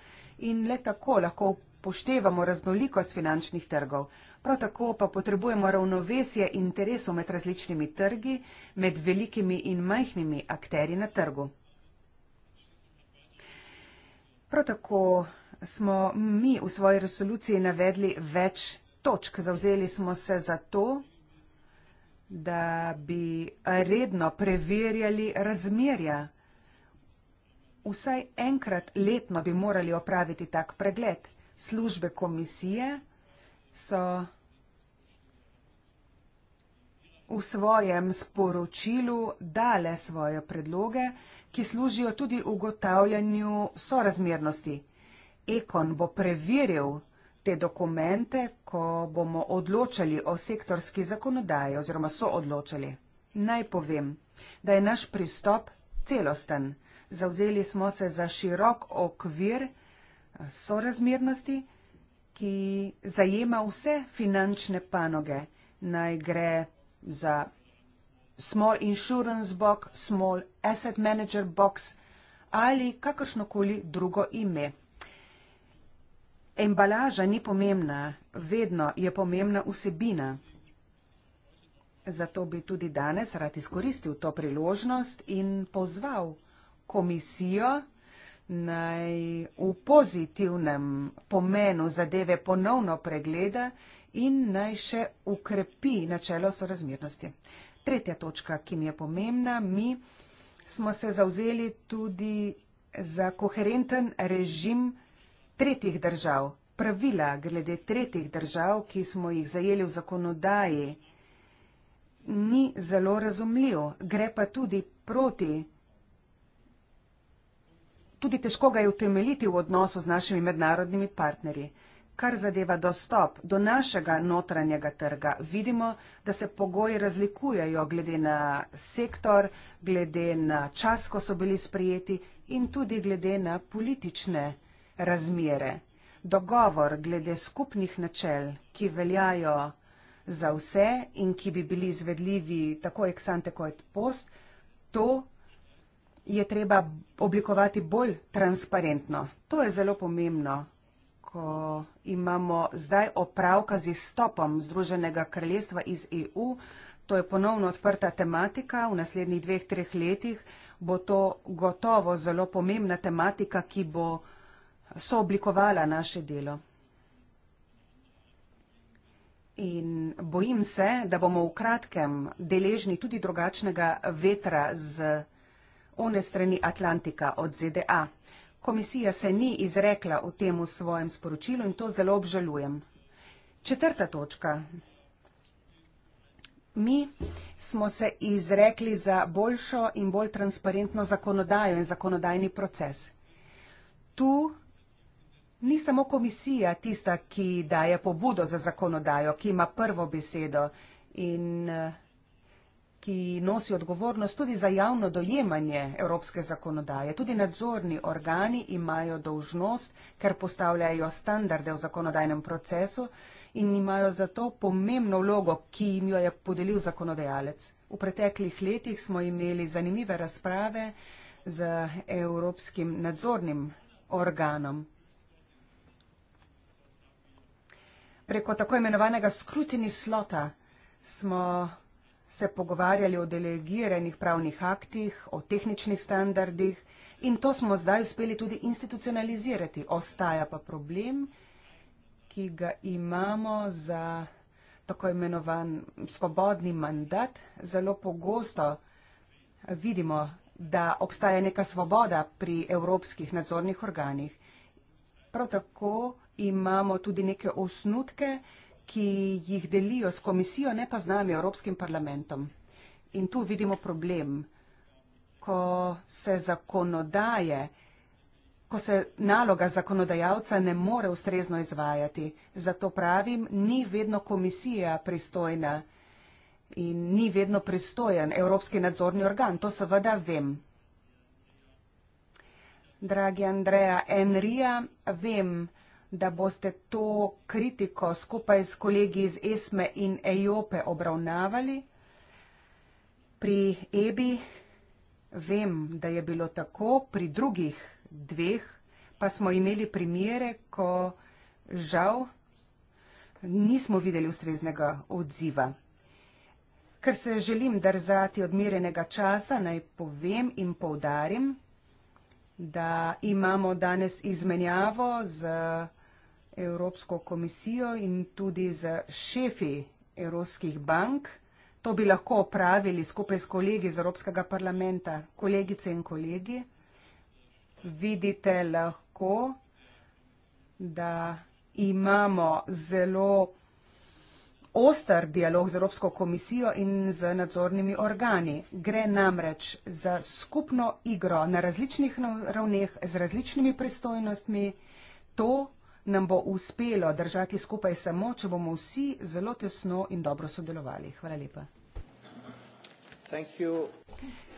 in le tako lahko poštevamo raznolikost finančnih trgov. Prav tako pa potrebujemo ravnovesje interesov med različnimi trgi, med velikimi in majhnimi akteri na trgu. Prav tako smo mi v svoji resoluciji navedli več točk. Zavzeli smo se za to, da bi redno preverjali razmerja. Vsaj enkrat letno bi morali opraviti tak pregled. Službe komisije so v svojem sporočilu dale svoje predloge, ki služijo tudi ugotavljanju sorazmernosti. Ekon bo preveril, te dokumente, ko bomo odločali o sektorski zakonodaji oziroma so odločali. Naj povem, da je naš pristop celosten. Zavzeli smo se za širok okvir eh, sorazmernosti, ki zajema vse finančne panoge. Naj gre za small insurance box, small asset manager box ali kakršnokoli drugo ime. Embalaža ni pomembna, vedno je pomembna vsebina. Zato bi tudi danes rad izkoristil to priložnost in pozval komisijo naj v pozitivnem pomenu zadeve ponovno pregleda in naj še ukrepi načelo sorazmernosti. Tretja točka, ki mi je pomembna, mi smo se zauzeli tudi za koherenten režim tretjih držav, pravila glede tretjih držav, ki smo jih zajeli v zakonodaji, ni zelo razumljiv, gre pa tudi proti. Tudi težko ga je utemeljiti v odnosu z našimi mednarodnimi partnerji. Kar zadeva dostop do našega notranjega trga, vidimo, da se pogoji razlikujejo glede na sektor, glede na čas, ko so bili sprijeti in tudi glede na politične razmere, dogovor glede skupnih načel, ki veljajo za vse in ki bi bili izvedljivi tako eksante kot post, to je treba oblikovati bolj transparentno. To je zelo pomembno, ko imamo zdaj opravka z izstopom Združenega kraljestva iz EU. To je ponovno odprta tematika. V naslednjih dveh, treh letih bo to gotovo zelo pomembna tematika, ki bo so oblikovala naše delo. In bojim se, da bomo v kratkem deležni tudi drugačnega vetra z one strani Atlantika od ZDA. Komisija se ni izrekla o tem v svojem sporočilu in to zelo obžalujem. Četrta točka. Mi smo se izrekli za boljšo in bolj transparentno zakonodajo in zakonodajni proces. Tu Ni samo komisija tista, ki daje pobudo za zakonodajo, ki ima prvo besedo in eh, ki nosi odgovornost tudi za javno dojemanje evropske zakonodaje. Tudi nadzorni organi imajo dolžnost, ker postavljajo standarde v zakonodajnem procesu in imajo zato pomembno vlogo, ki jim jo je podelil zakonodajalec. V preteklih letih smo imeli zanimive razprave z evropskim nadzornim organom. preko tako imenovanega skrutini slota smo se pogovarjali o delegiranih pravnih aktih, o tehničnih standardih in to smo zdaj uspeli tudi institucionalizirati. Ostaja pa problem, ki ga imamo za tako imenovan svobodni mandat. Zelo pogosto vidimo, da obstaja neka svoboda pri evropskih nadzornih organih. Prav tako imamo tudi neke osnutke, ki jih delijo s komisijo, ne pa z nami, Evropskim parlamentom. In tu vidimo problem, ko se zakonodaje, ko se naloga zakonodajalca ne more ustrezno izvajati. Zato pravim, ni vedno komisija pristojna in ni vedno pristojen Evropski nadzorni organ. To seveda vem. Dragi Andreja Enrija, vem, da da boste to kritiko skupaj s kolegi iz ESME in EJOPE obravnavali. Pri EBI vem, da je bilo tako, pri drugih dveh pa smo imeli primere, ko žal nismo videli ustreznega odziva. Ker se želim drzati odmerenega časa, naj povem in povdarim, da imamo danes izmenjavo z Evropsko komisijo in tudi z šefi evropskih bank. To bi lahko opravili skupaj s kolegi iz Evropskega parlamenta. Kolegice in kolegi, vidite lahko, da imamo zelo ostar dialog z Evropsko komisijo in z nadzornimi organi. Gre namreč za skupno igro na različnih ravneh, z različnimi pristojnostmi. To nam bo uspelo držati skupaj samo, če bomo vsi zelo tesno in dobro sodelovali. Hvala lepa.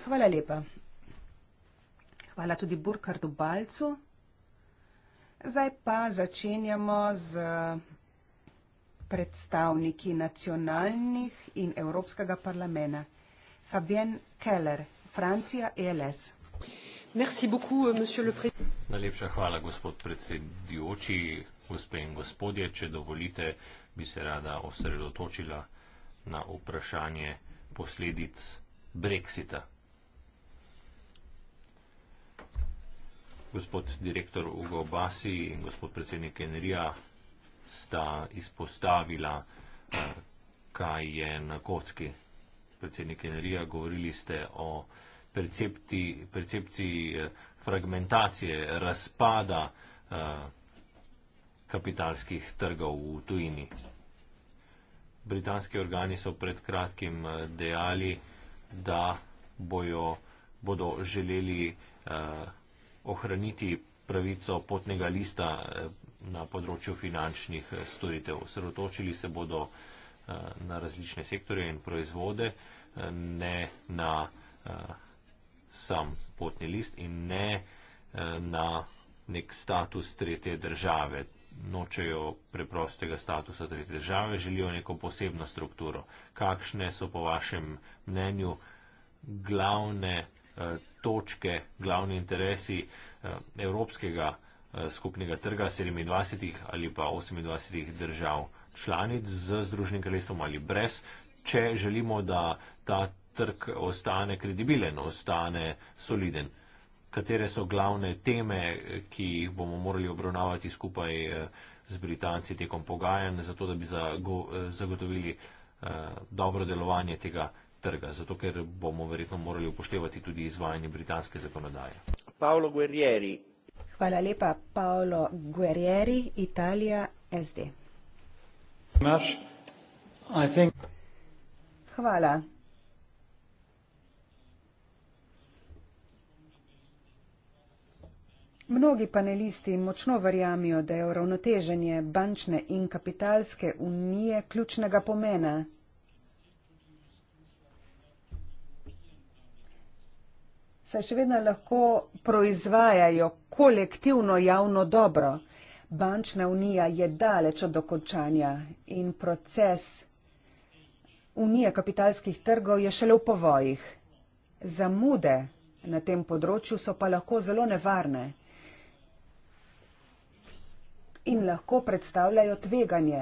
Hvala lepa. Hvala tudi Burkardu Balcu. Zdaj pa začenjamo z predstavniki nacionalnih in Evropskega parlamenta. Fabien Keller, Francija, ELS. Euh, Najlepša hvala, gospod predsedujoči, gospe in gospodje. Če dovolite, bi se rada osredotočila na vprašanje posledic Brexita. Gospod direktor Ugo Basi in gospod predsednik Enrija sta izpostavila, eh, kaj je na kocki. Predsednik Enrija, govorili ste o percepti, percepciji eh, fragmentacije, razpada eh, kapitalskih trgov v tujini. Britanski organi so pred kratkim eh, dejali, da bojo, bodo želeli eh, ohraniti pravico potnega lista eh, na področju finančnih storitev. Sredotočili se bodo eh, na različne sektorje in proizvode, eh, ne na eh, sam potni list in ne eh, na nek status tretje države. Nočejo preprostega statusa tretje države, želijo neko posebno strukturo. Kakšne so po vašem mnenju glavne eh, točke, glavni interesi eh, evropskega skupnega trga 27 ali pa 28 držav članic z Združenim kraljestvom ali brez, če želimo, da ta trg ostane kredibilen, ostane soliden. Katere so glavne teme, ki jih bomo morali obravnavati skupaj eh, z Britanci tekom pogajanj, zato da bi eh, zagotovili eh, dobro delovanje tega trga, zato ker bomo verjetno morali upoštevati tudi izvajanje britanske zakonodaje. Paolo Guerrieri. Hvala lepa, Paolo Guerrieri, Italija, SD. Hvala. Mnogi panelisti močno verjamijo, da je uravnoteženje bančne in kapitalske unije ključnega pomena. Saj še vedno lahko proizvajajo kolektivno javno dobro. Bančna unija je daleč od dokončanja in proces unije kapitalskih trgov je šele v povojih. Zamude na tem področju so pa lahko zelo nevarne in lahko predstavljajo tveganje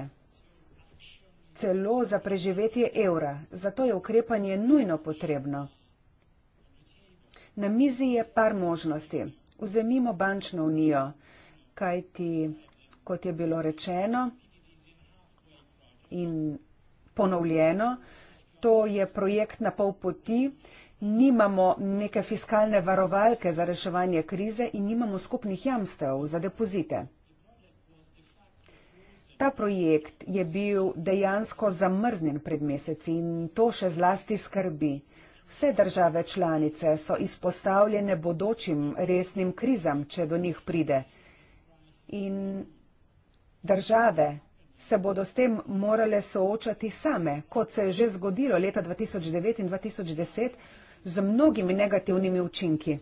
celo za preživetje evra. Zato je ukrepanje nujno potrebno. Na mizi je par možnosti. Vzemimo bančno unijo, kajti, kot je bilo rečeno in ponovljeno, to je projekt na pol poti, nimamo neke fiskalne varovalke za reševanje krize in nimamo skupnih jamstev za depozite. Ta projekt je bil dejansko zamrznjen pred meseci in to še zlasti skrbi. Vse države članice so izpostavljene bodočim resnim krizam, če do njih pride. In države se bodo s tem morale soočati same, kot se je že zgodilo leta 2009 in 2010 z mnogimi negativnimi učinki.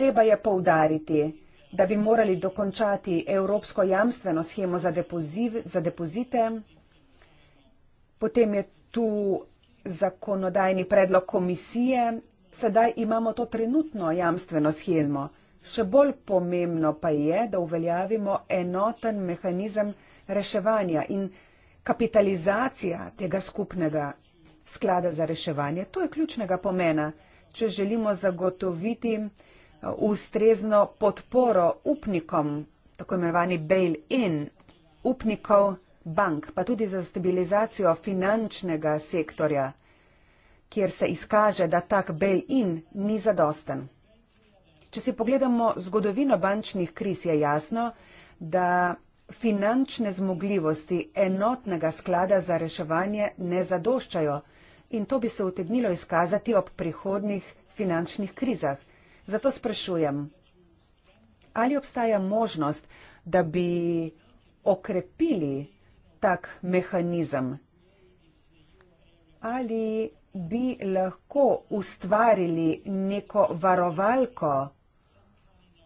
Treba je poudariti, da bi morali dokončati evropsko jamstveno schemo za, depoziv, za depozite. Potem je tu zakonodajni predlog komisije. Sedaj imamo to trenutno jamstveno schemo. Še bolj pomembno pa je, da uveljavimo enoten mehanizem reševanja in kapitalizacija tega skupnega sklada za reševanje. To je ključnega pomena, če želimo zagotoviti ustrezno podporo upnikom, tako imenovani bail-in upnikov bank, pa tudi za stabilizacijo finančnega sektorja, kjer se izkaže, da tak bail-in ni zadosten. Če si pogledamo zgodovino bančnih kriz, je jasno, da finančne zmogljivosti enotnega sklada za reševanje ne zadoščajo in to bi se utegnilo izkazati ob prihodnih finančnih krizah. Zato sprašujem, ali obstaja možnost, da bi okrepili tak mehanizem? Ali bi lahko ustvarili neko varovalko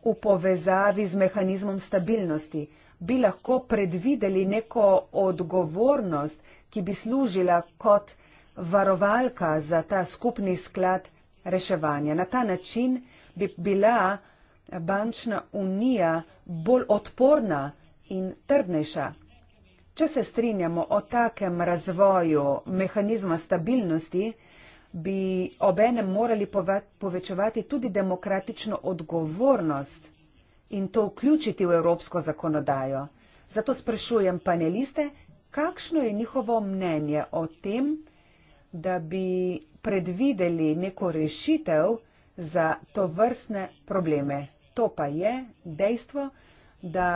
v povezavi z mehanizmom stabilnosti? Bi lahko predvideli neko odgovornost, ki bi služila kot varovalka za ta skupni sklad reševanja? Na ta način, bi bila bančna unija bolj odporna in trdnejša. Če se strinjamo o takem razvoju mehanizma stabilnosti, bi obenem morali povečevati tudi demokratično odgovornost in to vključiti v evropsko zakonodajo. Zato sprašujem paneliste, kakšno je njihovo mnenje o tem, da bi predvideli neko rešitev, za to vrstne probleme. To pa je dejstvo, da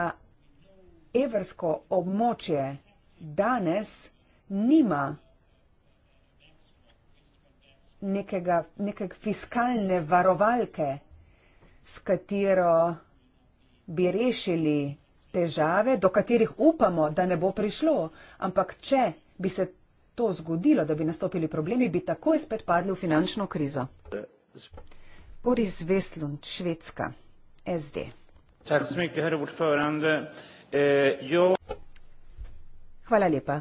evrsko območje danes nima nekega, nekega fiskalne varovalke, s katero bi rešili težave, do katerih upamo, da ne bo prišlo. Ampak če bi se to zgodilo, da bi nastopili problemi, bi takoj spet padli v finančno krizo. Yeah. Boris Veslund, Švedska, SD. Eh, Hvala lepa.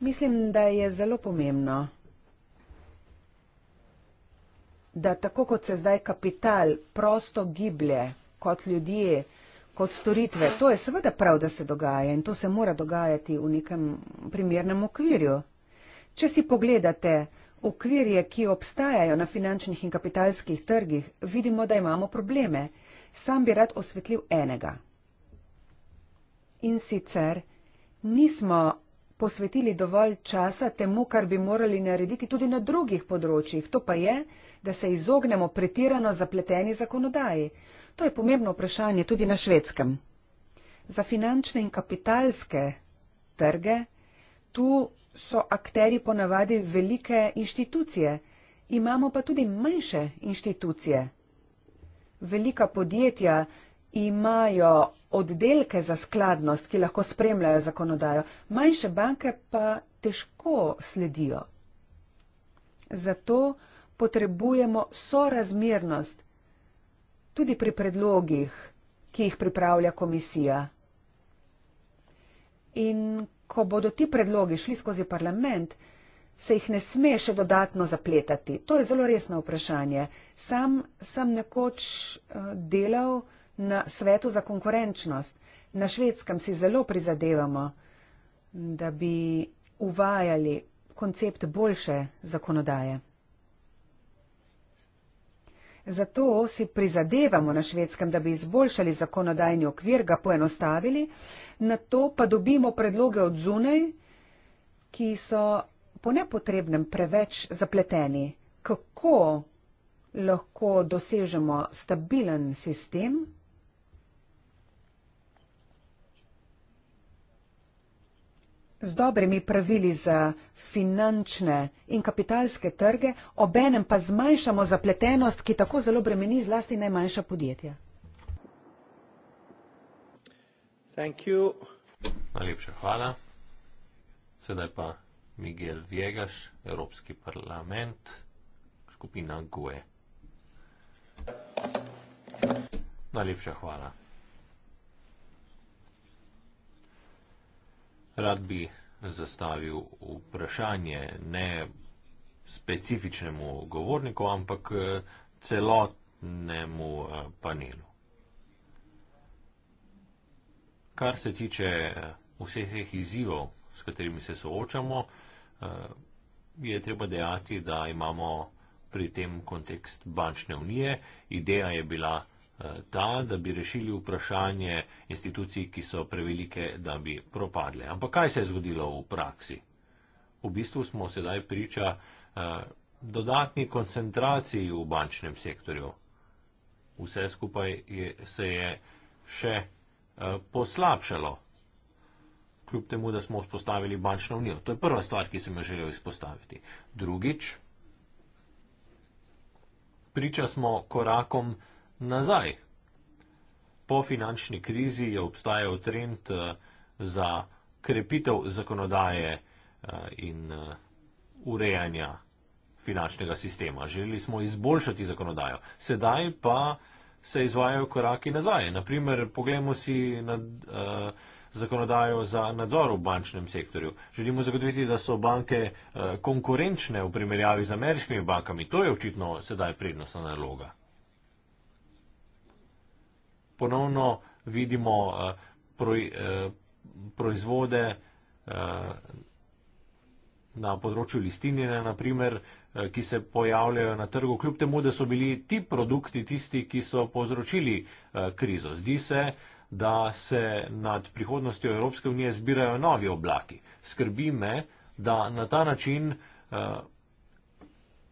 Mislim, da je zelo pomembno, da tako kot se zdaj kapital prosto giblje kot ljudje, kot storitve, to je seveda prav, da se dogaja in to se mora dogajati v nekem primernem okvirju. Če si pogledate, okvirje, ki obstajajo na finančnih in kapitalskih trgih, vidimo, da imamo probleme. Sam bi rad osvetlil enega. In sicer nismo posvetili dovolj časa temu, kar bi morali narediti tudi na drugih področjih. To pa je, da se izognemo pretirano zapleteni zakonodaji. To je pomembno vprašanje tudi na švedskem. Za finančne in kapitalske trge tu so akteri ponavadi velike inštitucije, imamo pa tudi manjše inštitucije. Velika podjetja imajo oddelke za skladnost, ki lahko spremljajo zakonodajo, manjše banke pa težko sledijo. Zato potrebujemo sorazmernost tudi pri predlogih, ki jih pripravlja komisija. In ko bodo ti predlogi šli skozi parlament, se jih ne sme še dodatno zapletati. To je zelo resno vprašanje. Sam sem nekoč eh, delal na svetu za konkurenčnost. Na švedskem si zelo prizadevamo, da bi uvajali koncept boljše zakonodaje. Zato si prizadevamo na švedskem, da bi izboljšali zakonodajni okvir, ga poenostavili, na to pa dobimo predloge od zunaj, ki so po nepotrebnem preveč zapleteni. Kako lahko dosežemo stabilen sistem? z dobrimi pravili za finančne in kapitalske trge, obenem pa zmanjšamo zapletenost, ki tako zelo bremeni zlasti najmanjša podjetja. Najlepša hvala. Sedaj pa Miguel Viegas, Evropski parlament, skupina GUE. Najlepša hvala. rad bi zastavil vprašanje ne specifičnemu govorniku, ampak eh, celotnemu eh, panelu. Kar se tiče eh, vseh teh izzivov, s katerimi se soočamo, je treba dejati, da imamo pri tem kontekst bančne unije. Ideja je bila Eh, ta, da bi rešili vprašanje institucij, ki so prevelike, da bi propadle. Ampak kaj se je zgodilo v praksi? V bistvu smo sedaj priča eh, dodatni koncentraciji v bančnem sektorju. Vse skupaj je, se je še eh, poslabšalo, kljub temu, da smo vzpostavili bančno unijo. To je prva stvar, ki sem jo želel izpostaviti. Drugič, priča smo korakom nazaj. Po finančni krizi je obstajal trend eh, za krepitev zakonodaje eh, in eh, urejanja finančnega sistema. Želeli smo izboljšati zakonodajo. Sedaj pa se izvajajo koraki nazaj. Naprimer, poglejmo si nad, eh, zakonodajo za nadzor v bančnem sektorju. Želimo zagotoviti, da so banke eh, konkurenčne v primerjavi z ameriškimi bankami. To je očitno sedaj prednostna naloga ponovno vidimo eh, eh, proizvode eh, na področju listinjenja, naprimer, ki se pojavljajo na trgu, kljub temu, da so bili ti produkti tisti, ki so povzročili krizo. Zdi se, da se nad prihodnostjo Evropske unije zbirajo novi oblaki. Skrbi me, da na ta način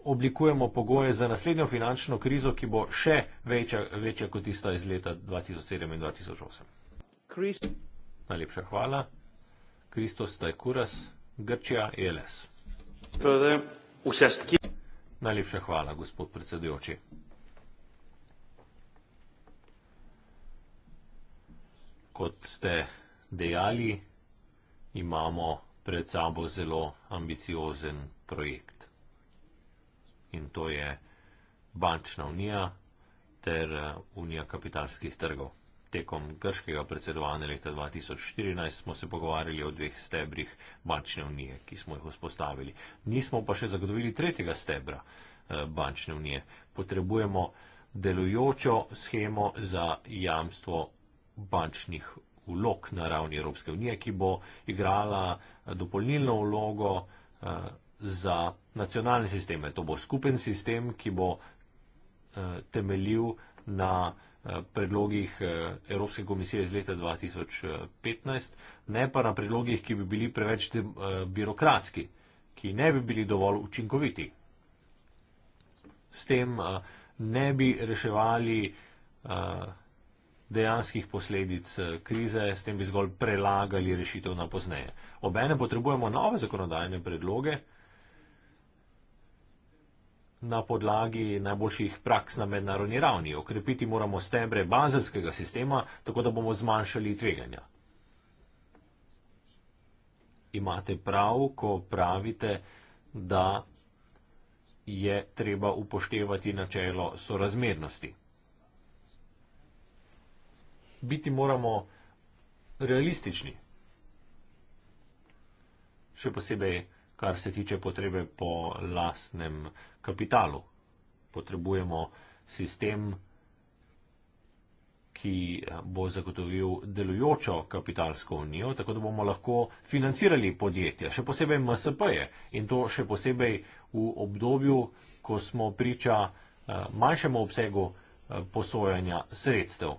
oblikujemo pogoje za naslednjo finančno krizo, ki bo še večja, večja kot tista iz leta 2007 in 2008. Chris. Najlepša hvala. Kristos Tajkuras, Grčija, ELS. Najlepša hvala, gospod predsedujoči. Kot ste dejali, imamo pred sabo zelo ambiciozen projekt in to je bančna unija ter eh, unija kapitalskih trgov. Tekom grškega predsedovanja leta 2014 smo se pogovarjali o dveh stebrih bančne unije, ki smo jih vzpostavili. Nismo pa še zagotovili tretjega stebra eh, bančne unije. Potrebujemo delujočo schemo za jamstvo bančnih vlog na ravni Evropske unije, ki bo igrala eh, dopolnilno vlogo za nacionalne sisteme. To bo skupen sistem, ki bo eh, temeljil na eh, predlogih eh, Evropske komisije iz leta 2015, ne pa na predlogih, ki bi bili preveč birokratski, ki ne bi bili dovolj učinkoviti. S tem ne bi reševali dejanskih posledic krize, s tem bi zgolj prelagali rešitev na pozneje. Obene potrebujemo nove zakonodajne predloge, na podlagi najboljših praks na mednarodni ravni. Okrepiti moramo stebre bazelskega sistema, tako da bomo zmanjšali tveganja. Imate prav, ko pravite, da je treba upoštevati načelo sorazmernosti. Biti moramo realistični. Še posebej je kar se tiče potrebe po lasnem kapitalu. Potrebujemo sistem, ki eh, bo zagotovil delujočo kapitalsko unijo, tako da bomo lahko financirali podjetja, še posebej MSP-je in to še posebej v obdobju, ko smo priča eh, manjšemu obsegu eh, posojanja sredstev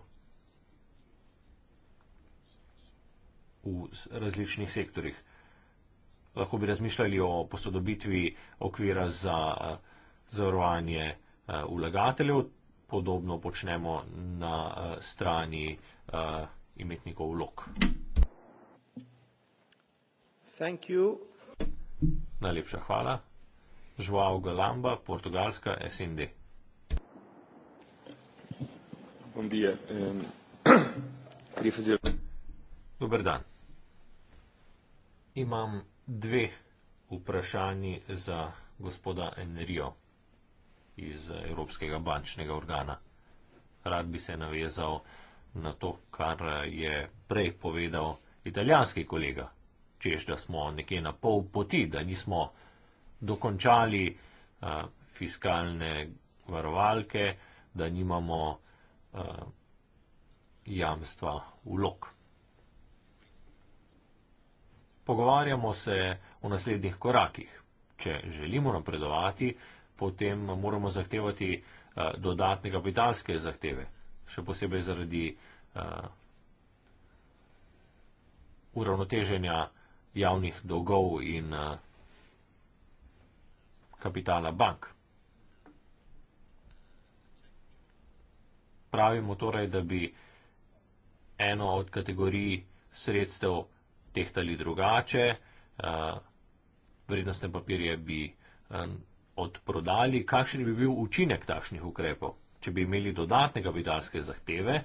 v različnih sektorjih lahko bi razmišljali o posodobitvi okvira za eh, zavarovanje eh, vlagateljev, podobno počnemo na eh, strani imetnikov vlog. Najlepša hvala. João Galamba, Portugalska, SND. Ehm, Dober dan. Imam dve vprašanji za gospoda Enrijo iz Evropskega bančnega organa. Rad bi se navezal na to, kar je prej povedal italijanski kolega, češ, da smo nekje na pol poti, da nismo dokončali uh, fiskalne varovalke, da nimamo uh, jamstva vlog pogovarjamo se o naslednjih korakih. Če želimo napredovati, potem moramo zahtevati uh, dodatne kapitalske zahteve, še posebej zaradi uh, uravnoteženja javnih dolgov in uh, kapitala bank. Pravimo torej, da bi eno od kategorij sredstev tehtali drugače, eh, vrednostne papirje bi eh, odprodali. Kakšen bi bil učinek takšnih ukrepov, če bi imeli dodatne kapitalske zahteve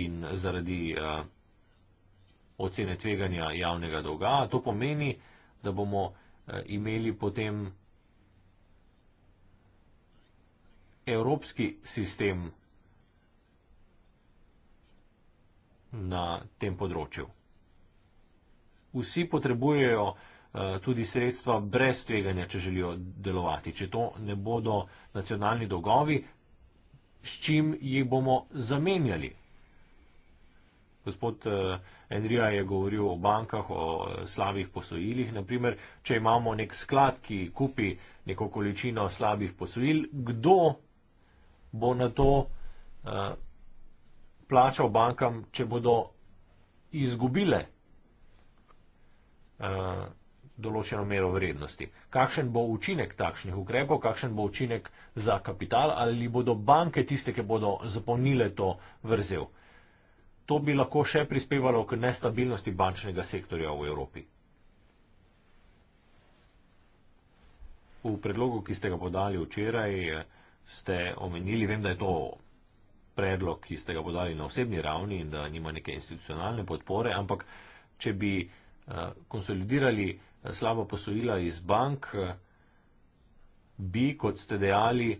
in zaradi eh, ocene tveganja javnega dolga? To pomeni, da bomo imeli potem evropski sistem na tem področju. Vsi potrebujejo eh, tudi sredstva brez tveganja, če želijo delovati. Če to ne bodo nacionalni dolgovi, s čim jih bomo zamenjali? Gospod eh, Enrija je govoril o bankah, o eh, slabih posojilih. Naprimer, če imamo nek sklad, ki kupi neko količino slabih posojil, kdo bo na to plačal bankam, če bodo izgubile uh, določeno mero vrednosti. Kakšen bo učinek takšnih ukrepov, kakšen bo učinek za kapital, ali bodo banke tiste, ki bodo zapolnile to vrzel. To bi lahko še prispevalo k nestabilnosti bančnega sektorja v Evropi. V predlogu, ki ste ga podali včeraj, eh, ste omenili, vem, da je to predlog, ki ste ga podali na osebni ravni in da nima neke institucionalne podpore, ampak če bi eh, konsolidirali eh, slaba posojila iz bank, eh, bi, kot ste dejali,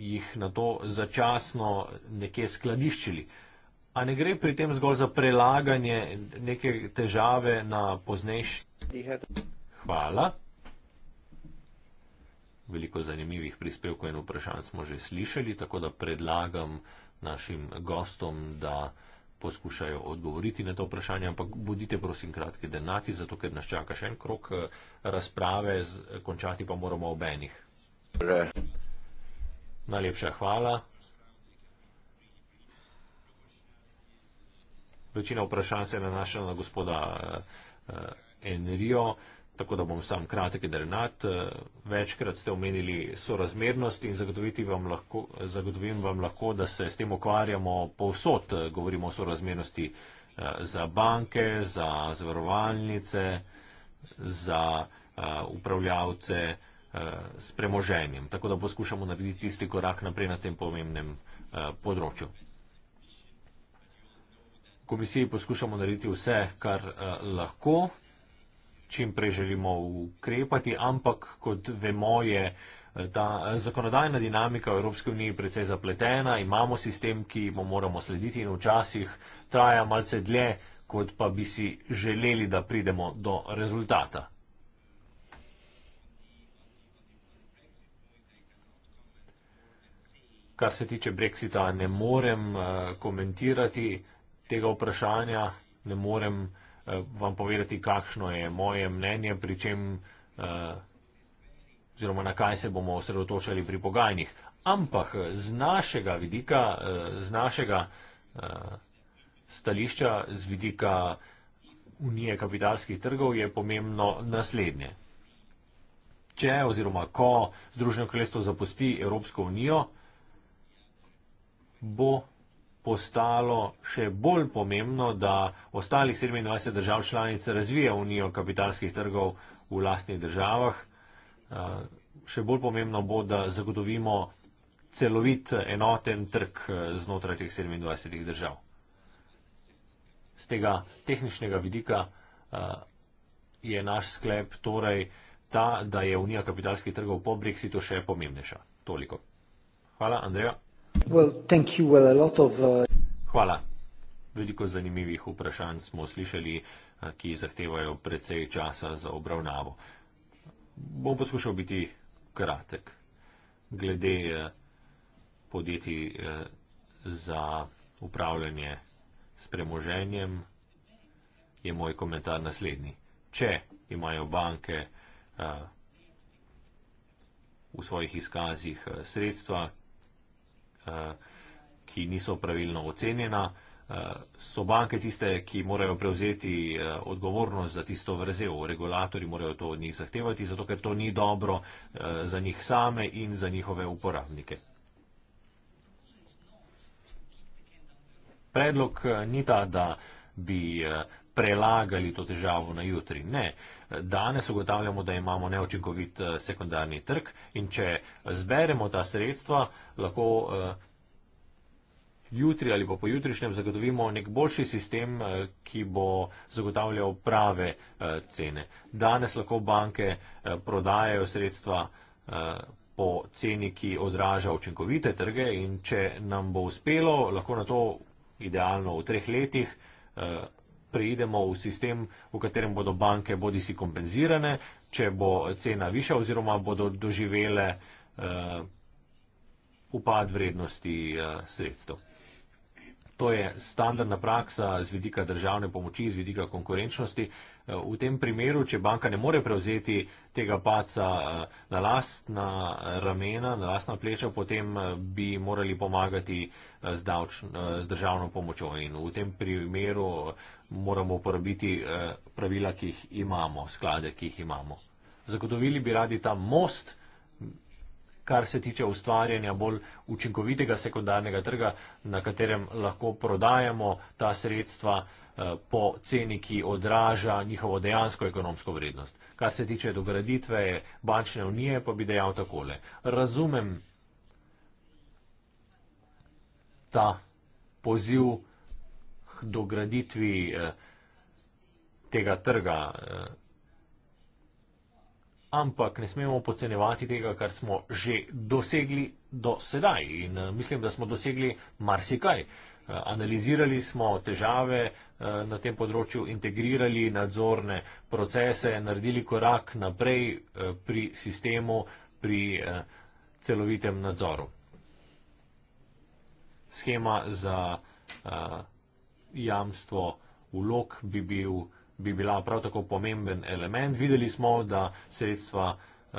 jih na to začasno nekje skladiščili. A ne gre pri tem zgolj za prelaganje neke težave na poznejši? Hvala. Veliko zanimivih prispevkov in vprašanj smo že slišali, tako da predlagam našim gostom, da poskušajo odgovoriti na to vprašanje, ampak bodite prosim kratki denati, zato ker nas čaka še en krok eh, razprave, končati pa moramo ob enih. Re. Najlepša hvala. Večina vprašanj se nanaša na gospoda Enrio. Eh, eh, tako da bom sam kratek in drenat. Eh, večkrat ste omenili sorazmernost in vam lahko, zagotovim vam lahko, da se s tem ukvarjamo povsod. Eh, govorimo o sorazmernosti eh, za banke, za zavarovalnice, za upravljavce s premoženjem. Tako da poskušamo narediti tisti korak naprej na tem pomembnem področju. Komisiji poskušamo narediti vse, kar lahko čim prej želimo ukrepati, ampak kot vemo je eh, ta eh, zakonodajna dinamika v Evropski uniji precej zapletena, imamo sistem, ki mu moramo slediti in včasih traja malce dlje, kot pa bi si želeli, da pridemo do rezultata. Kar se tiče Brexita, ne morem eh, komentirati tega vprašanja, ne morem komentirati vam povedati, kakšno je moje mnenje, pri čem eh, oziroma na kaj se bomo osredotočali pri pogajanjih. Ampak z našega vidika, eh, z našega eh, stališča, z vidika Unije kapitalskih trgov je pomembno naslednje. Če oziroma ko Združeno kraljestvo zapusti Evropsko unijo, bo postalo še bolj pomembno, da ostalih 27 držav članic razvija unijo kapitalskih trgov v lastnih državah. Eh, še bolj pomembno bo, da zagotovimo celovit enoten trg eh, znotraj teh 27 držav. Z tega tehničnega vidika eh, je naš sklep torej ta, da je unija kapitalskih trgov po Brexitu še pomembnejša. Toliko. Hvala, Andreja. Uh, Hvala. Veliko zanimivih vprašanj smo slišali, ki zahtevajo precej časa za obravnavo. Bom poskušal biti kratek. Glede podjetij za upravljanje s premoženjem je moj komentar naslednji. Če imajo banke v svojih izkazih sredstva, Eh, ki niso pravilno ocenjena. Eh, so banke tiste, ki morajo prevzeti eh, odgovornost za tisto vrzel. Regulatori morajo to od njih zahtevati, zato ker to ni dobro za njih same in za njihove uporabnike. Predlog ni ta, da bi prelagali to težavo na jutri. Ne, danes ugotavljamo, da imamo neočinkovit eh, sekundarni trg in če zberemo ta sredstva, lahko eh, jutri ali pa pojutrišnjem zagotovimo nek boljši sistem, eh, ki bo zagotavljal prave cene. Danes lahko banke prodajajo sredstva po ceni, ki odraža učinkovite trge in če nam bo uspelo, lahko na to idealno v treh letih preidemo v sistem, v katerem bodo banke bodi si kompenzirane, če bo cena viša oziroma bodo doživele uh, upad vrednosti uh, sredstev to je standardna praksa z vidika državne pomoči, z vidika konkurenčnosti. Eh, v tem primeru, če banka ne more prevzeti tega paca eh, na lastna eh, ramena, na lastna pleča, potem bi morali pomagati z, davč, z državno pomočjo. In v tem primeru moramo uporabiti pravila, ki jih imamo, sklade, ki jih imamo. Zagotovili bi radi ta most kar se tiče ustvarjanja bolj učinkovitega sekundarnega trga, na katerem lahko prodajamo ta sredstva eh, po ceni, ki odraža njihovo dejansko ekonomsko vrednost. Kar se tiče dograditve bančne unije, pa bi dejal takole. Razumem ta poziv k dograditvi eh, tega trga eh, ampak ne smemo podcenevati tega, kar smo že dosegli do sedaj. In eh, mislim, da smo dosegli marsikaj. Eh, analizirali smo težave eh, na tem področju, integrirali nadzorne procese, naredili korak naprej pri sistemu, pri celovitem nadzoru. Schema za jamstvo vlog bi bil bi bila prav tako pomemben element. Videli smo, da sredstva eh,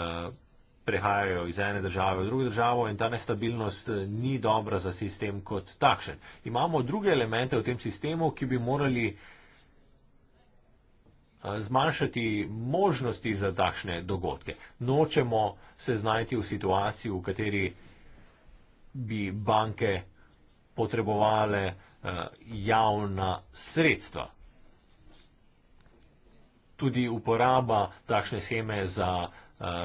prehajajo iz ene države v drugo državo in ta nestabilnost eh, ni dobra za sistem kot takšen. Imamo druge elemente v tem sistemu, ki bi morali eh, zmanjšati možnosti za takšne dogodke. Nočemo se znajti v situaciji, v kateri bi banke potrebovale javna sredstva tudi uporaba takšne scheme za uh,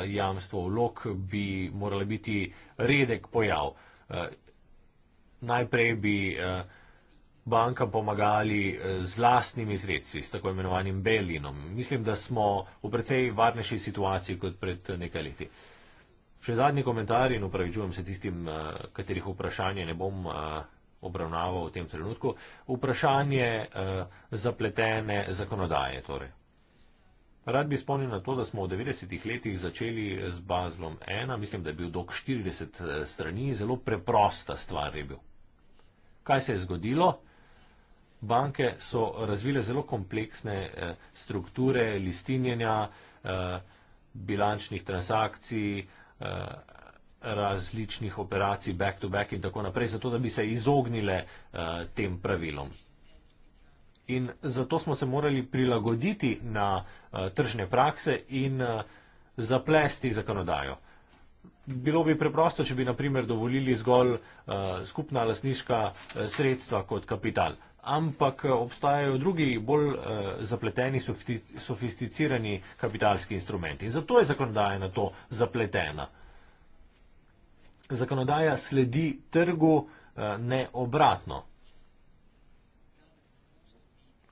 jamstvo vlog bi morala biti redek pojav. Uh, najprej bi uh, eh, banka pomagali z lastnimi zreci, s tako imenovanim belinom. Mislim, da smo v precej varnejši situaciji kot pred nekaj leti. Še zadnji komentar in upravičujem se tistim, uh, katerih vprašanje ne bom. Uh, obravnava v tem trenutku vprašanje uh, zapletene zakonodaje. Torej. Rad bi spomnil na to, da smo v 90-ih letih začeli z Bazlom 1, mislim, da je bil dok 40 eh, strani, zelo preprosta stvar je bil. Kaj se je zgodilo? Banke so razvile zelo kompleksne eh, strukture listinjenja, eh, bilančnih transakcij, različnih operacij back-to-back -back in tako naprej, zato da bi se izognile tem pravilom in zato smo se morali prilagoditi na eh, tržne prakse in eh, zaplesti zakonodajo. Bilo bi preprosto, če bi naprimer dovolili zgolj eh, skupna lasniška sredstva kot kapital. Ampak obstajajo drugi, bolj zapleteni, sofisticirani kapitalski instrumenti. In zato je zakonodaja na to zapletena. Zakonodaja sledi trgu, ne obratno.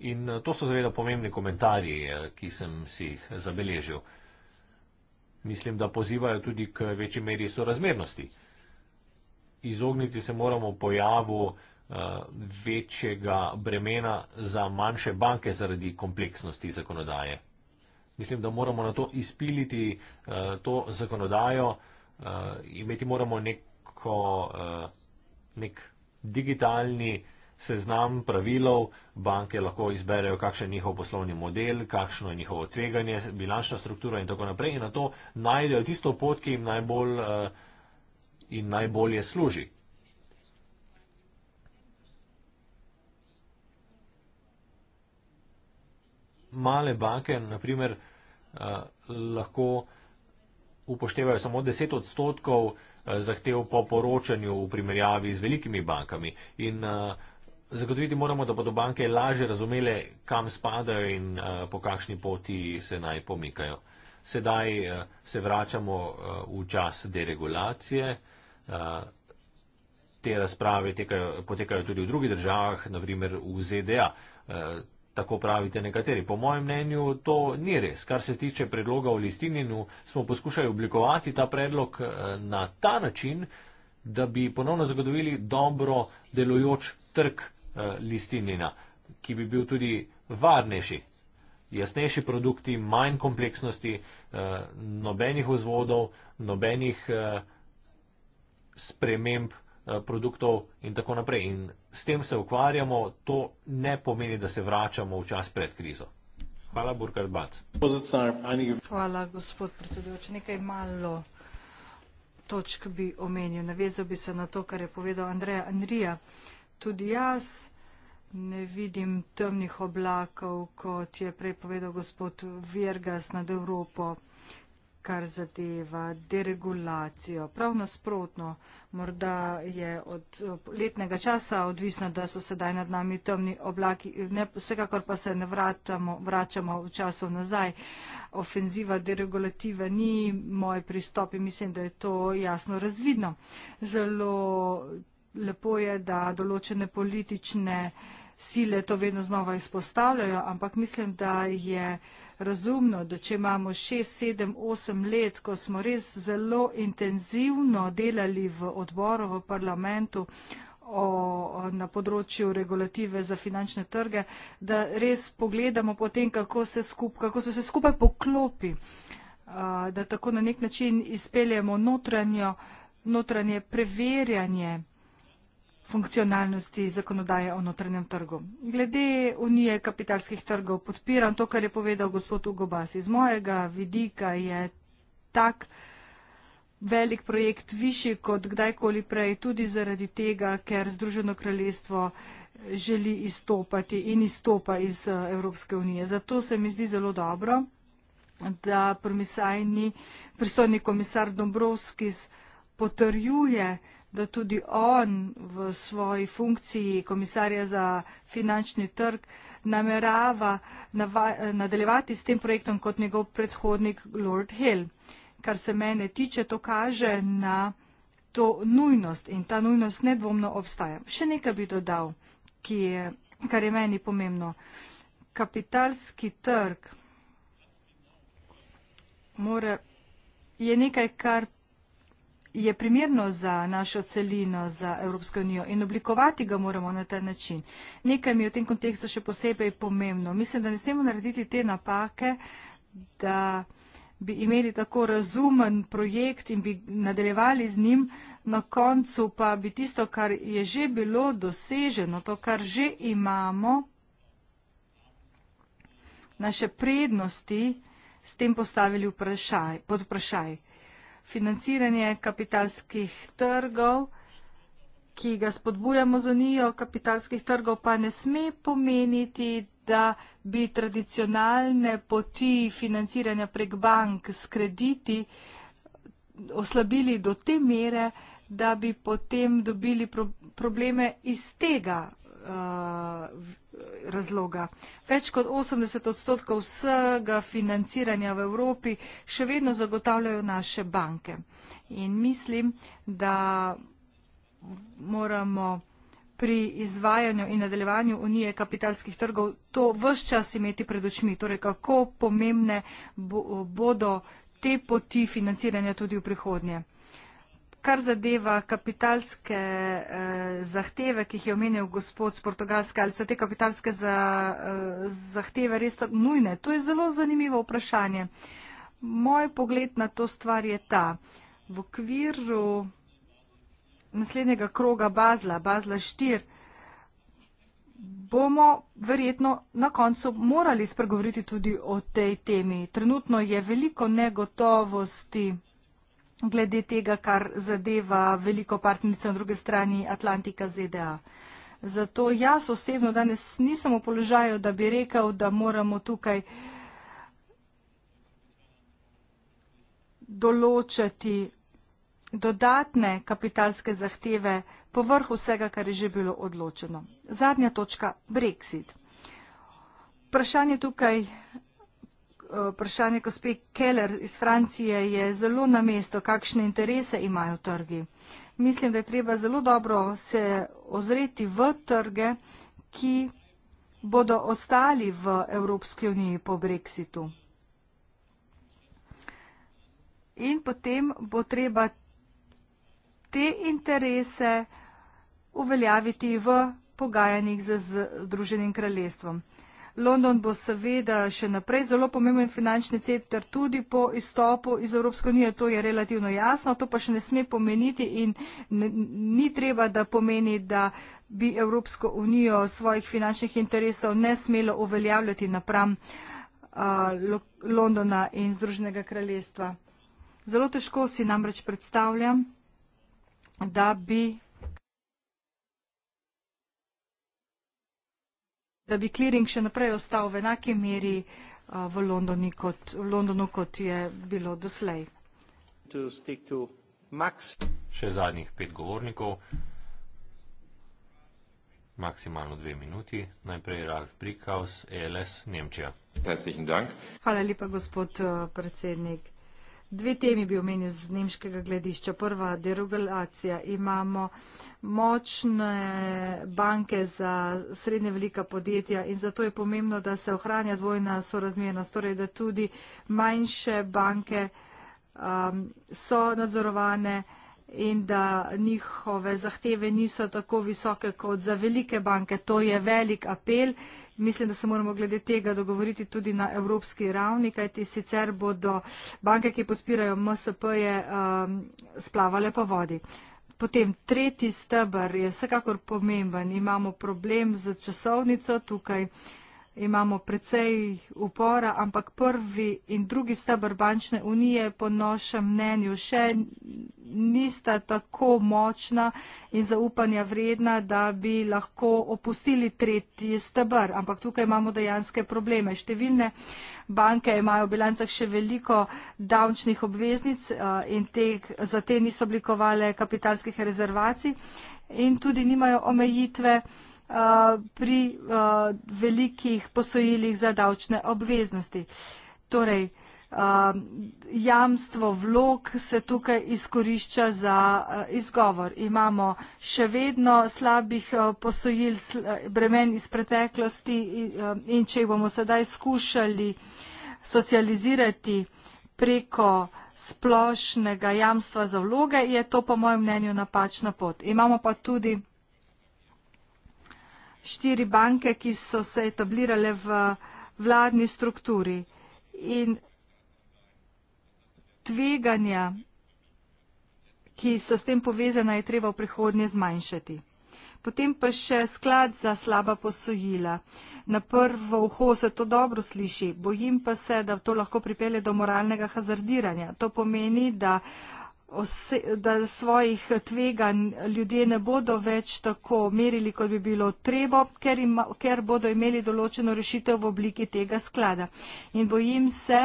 In eh, to so seveda pomembni komentarji, eh, ki sem si jih zabeležil. Mislim, da pozivajo tudi k večji meri sorazmernosti. Izogniti se moramo pojavu eh, večjega bremena za manjše banke zaradi kompleksnosti zakonodaje. Mislim, da moramo na to izpiliti to zakonodajo, imeti moramo neko, nek digitalni seznam pravilov, banke lahko izberejo, kakšen je njihov poslovni model, kakšno je njihovo tveganje, bilančna struktura in tako naprej in na to najdejo tisto pot, ki jim najbolj eh, in najbolje služi. Male banke, naprimer, eh, lahko upoštevajo samo 10 odstotkov eh, zahtev po poročanju v primerjavi z velikimi bankami in Zagotoviti moramo, da bodo banke lažje razumele, kam spadajo in uh, po kakšni poti se naj pomikajo. Sedaj uh, se vračamo uh, v čas deregulacije. Uh, te razprave tekajo, potekajo tudi v drugih državah, naprimer v ZDA. Uh, tako pravite nekateri. Po mojem mnenju to ni res. Kar se tiče predloga o listininu, smo poskušali oblikovati ta predlog uh, na ta način, da bi ponovno zagotovili dobro delujoč trg eh, listinjena, ki bi bil tudi varnejši. Jasnejši produkti, manj kompleksnosti, eh, nobenih vzvodov, nobenih eh, sprememb produktov in tako naprej. In s tem se ukvarjamo, to ne pomeni, da se vračamo v čas pred krizo. Hvala, Burkhard Bac. Hvala, gospod predsedujoč. Nekaj malo točk bi omenil. Navezal bi se na to, kar je povedal Andreja Andrija. Andrija tudi jaz. Ne vidim temnih oblakov, kot je prej povedal gospod Virgas nad Evropo, kar zadeva deregulacijo. Prav nasprotno, morda je od letnega časa odvisno, da so sedaj nad nami temni oblaki, ne, vsekakor pa se ne vratamo, vračamo v časov nazaj. Ofenziva deregulativa ni moj pristop in mislim, da je to jasno razvidno. Zelo lepo je, da določene politične sile to vedno znova izpostavljajo, ampak mislim, da je razumno, da če imamo 6, 7, 8 let, ko smo res zelo intenzivno delali v odboru, v parlamentu, O, na področju regulative za finančne trge, da res pogledamo potem, kako se, skup, kako se skupaj poklopi, da tako na nek način izpeljemo notranje preverjanje funkcionalnosti zakonodaje o notranjem trgu. Glede unije kapitalskih trgov podpiram to, kar je povedal gospod Ugo Bas. Iz mojega vidika je tak velik projekt višji kot kdajkoli prej, tudi zaradi tega, ker Združeno kraljestvo želi izstopati in izstopa iz eh, Evropske unije. Zato se mi zdi zelo dobro, da pristojni komisar Dombrovskis potrjuje da tudi on v svoji funkciji komisarja za finančni trg namerava nadaljevati s tem projektom kot njegov predhodnik Lord Hill. Kar se mene tiče, to kaže na to nujnost in ta nujnost nedvomno obstaja. Še nekaj bi dodal, ki je, kar je meni pomembno. Kapitalski trg more, je nekaj, kar je primerno za našo celino, za Evropsko unijo in oblikovati ga moramo na ta način. Nekaj mi je v tem kontekstu še posebej pomembno. Mislim, da ne smemo narediti te napake, da bi imeli tako razumen projekt in bi nadaljevali z njim, na koncu pa bi tisto, kar je že bilo doseženo, to, kar že imamo, naše prednosti, s tem postavili vprašaj, pod vprašaj financiranje kapitalskih trgov, ki ga spodbujamo z unijo, kapitalskih trgov pa ne sme pomeniti, da bi tradicionalne poti financiranja prek bank s krediti oslabili do te mere, da bi potem dobili probleme iz tega Eh, razloga. Več kot 80 odstotkov vsega financiranja v Evropi še vedno zagotavljajo naše banke. In mislim, da moramo pri izvajanju in nadaljevanju unije kapitalskih trgov to vse čas imeti pred očmi. Torej, kako pomembne bodo te poti financiranja tudi v prihodnje. Kar zadeva kapitalske eh, zahteve, ki jih je omenil gospod z Portugalske, ali so te kapitalske za, eh, zahteve res nujne? To je zelo zanimivo vprašanje. Moj pogled na to stvar je ta. V okviru naslednjega kroga Bazla, Bazla 4, bomo verjetno na koncu morali spregovoriti tudi o tej temi. Trenutno je veliko negotovosti glede tega, kar zadeva veliko partnerice na druge strani Atlantika ZDA. Zato jaz osebno danes nisem v položaju, da bi rekel, da moramo tukaj določati dodatne kapitalske zahteve povrh vsega, kar je že bilo odločeno. Zadnja točka, Brexit. Vprašanje tukaj vprašanje gospe Keller iz Francije je zelo na mesto, kakšne interese imajo trgi. Mislim, da je treba zelo dobro se ozreti v trge, ki bodo ostali v Evropski uniji po Brexitu. In potem bo treba te interese uveljaviti v pogajanjih z Združenim kraljestvom. London bo seveda še naprej zelo pomemben finančni center tudi po izstopu iz Evropske unije, to je relativno jasno, to pa še ne sme pomeniti in ni treba, da pomeni, da bi Evropsko unijo svojih finančnih interesov ne smelo uveljavljati napram Londona in Združenega kraljestva. Zelo težko si namreč predstavljam, da bi da bi clearing še naprej ostal v enaki meri uh, v Londonu, kot, v Londonu, kot je bilo doslej. Še zadnjih pet govornikov. Maksimalno dve minuti. Najprej Ralf Brickhaus, ELS, Nemčija. Hvala lepa, gospod uh, predsednik. Dve temi bi omenil z nemškega gledišča. Prva, deregulacija. Imamo močne banke za srednje velika podjetja in zato je pomembno, da se ohranja dvojna sorazmernost, torej da tudi manjše banke um, so nadzorovane in da njihove zahteve niso tako visoke kot za velike banke. To je velik apel. Uh, Mislim, da se moramo glede tega dogovoriti tudi na evropski ravni, kajti sicer bodo banke, ki podpirajo MSP-je, um, splavale po vodi. Potem tretji stebr je vsekakor pomemben. Imamo problem z časovnico tukaj. Uh, imamo precej upora, ampak prvi in drugi stebr bančne unije po našem mnenju še nista tako močna in zaupanja vredna, da bi lahko opustili tretji stebr. Ampak tukaj imamo dejanske probleme. Številne banke imajo v bilancah še veliko davčnih obveznic eh, in te, za te niso oblikovale kapitalskih rezervacij in tudi nimajo omejitve. Eh, pri uh, velikih posojilih za davčne obveznosti. Torej, uh, jamstvo vlog se tukaj izkorišča za uh, izgovor. Imamo še vedno slabih uh, posojil sl bremen iz preteklosti in, uh, in če jih bomo sedaj skušali socializirati preko splošnega jamstva za vloge, je to po mojem mnenju napačna pot. Imamo pa tudi štiri banke, ki so se etablirale v vladni strukturi. In tveganja, ki so s tem povezana, je treba v prihodnje zmanjšati. Potem pa še sklad za slaba posojila. Na prvo uho se to dobro sliši, bojim pa se, da to lahko pripelje do moralnega hazardiranja. To pomeni, da uh, Ose, da svojih tveganj ljudje ne bodo več tako merili, kot bi bilo treba, ker, ima, ker bodo imeli določeno rešitev v obliki tega sklada. In bojim se,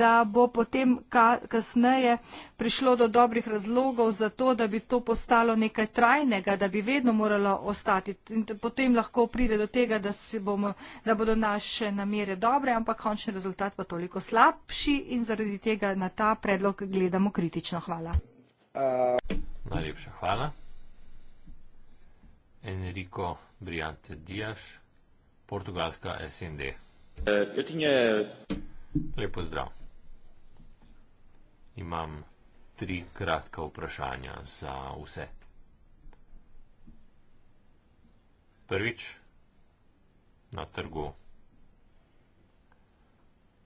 da bo potem ka, kasneje prišlo do dobrih razlogov za to, da bi to postalo nekaj trajnega, da bi vedno moralo ostati. In potem lahko pride do tega, da, bomo, da bodo naše namere dobre, ampak končni rezultat pa toliko slabši in zaradi tega na ta predlog gledamo kritično. Hvala. Najlepša hvala. Enrico Briante Dias, portugalska SND. Eh, Lepo zdrav. Imam tri kratka vprašanja za vse. Prvič na trgu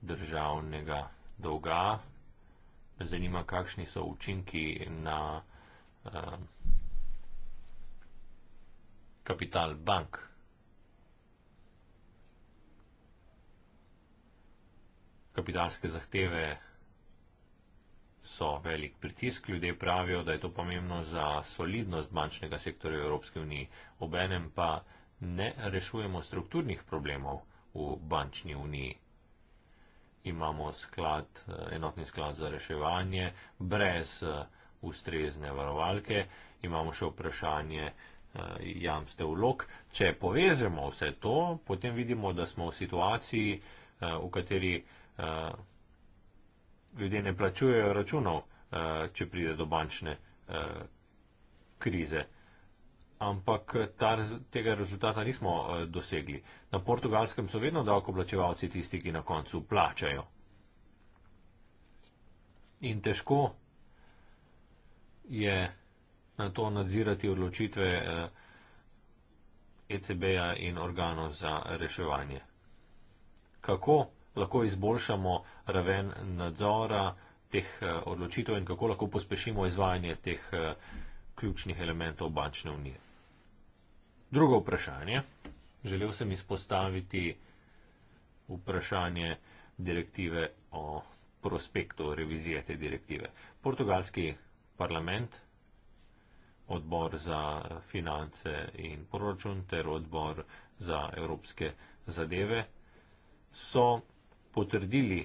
državnega dolga. Zanima, kakšni so učinki na uh, kapital bank. Kapitalske zahteve so velik pritisk. Ljudje pravijo, da je to pomembno za solidnost bančnega sektorja Evropske unije. Obenem pa ne rešujemo strukturnih problemov v bančni uniji. Imamo sklad, enotni sklad za reševanje, brez eh, ustrezne varovalke, imamo še vprašanje eh, jamste vlog. Če povežemo vse to, potem vidimo, da smo v situaciji, eh, v kateri ljudje ne plačujejo računov, eh, če pride do bančne eh, krize. Ampak eh, ta, tega rezultata nismo dosegli. Na portugalskem so vedno davkoplačevalci tisti, ki na koncu plačajo. In težko je na to nadzirati odločitve ECB-ja e in organov za reševanje. Kako lahko izboljšamo raven nadzora teh eh, odločitev in kako lahko pospešimo izvajanje teh eh, ključnih elementov bančne unije. Drugo vprašanje. Želel sem izpostaviti vprašanje direktive o prospektu revizije te direktive. Portugalski parlament, odbor za finance in proračun ter odbor za evropske zadeve so potrdili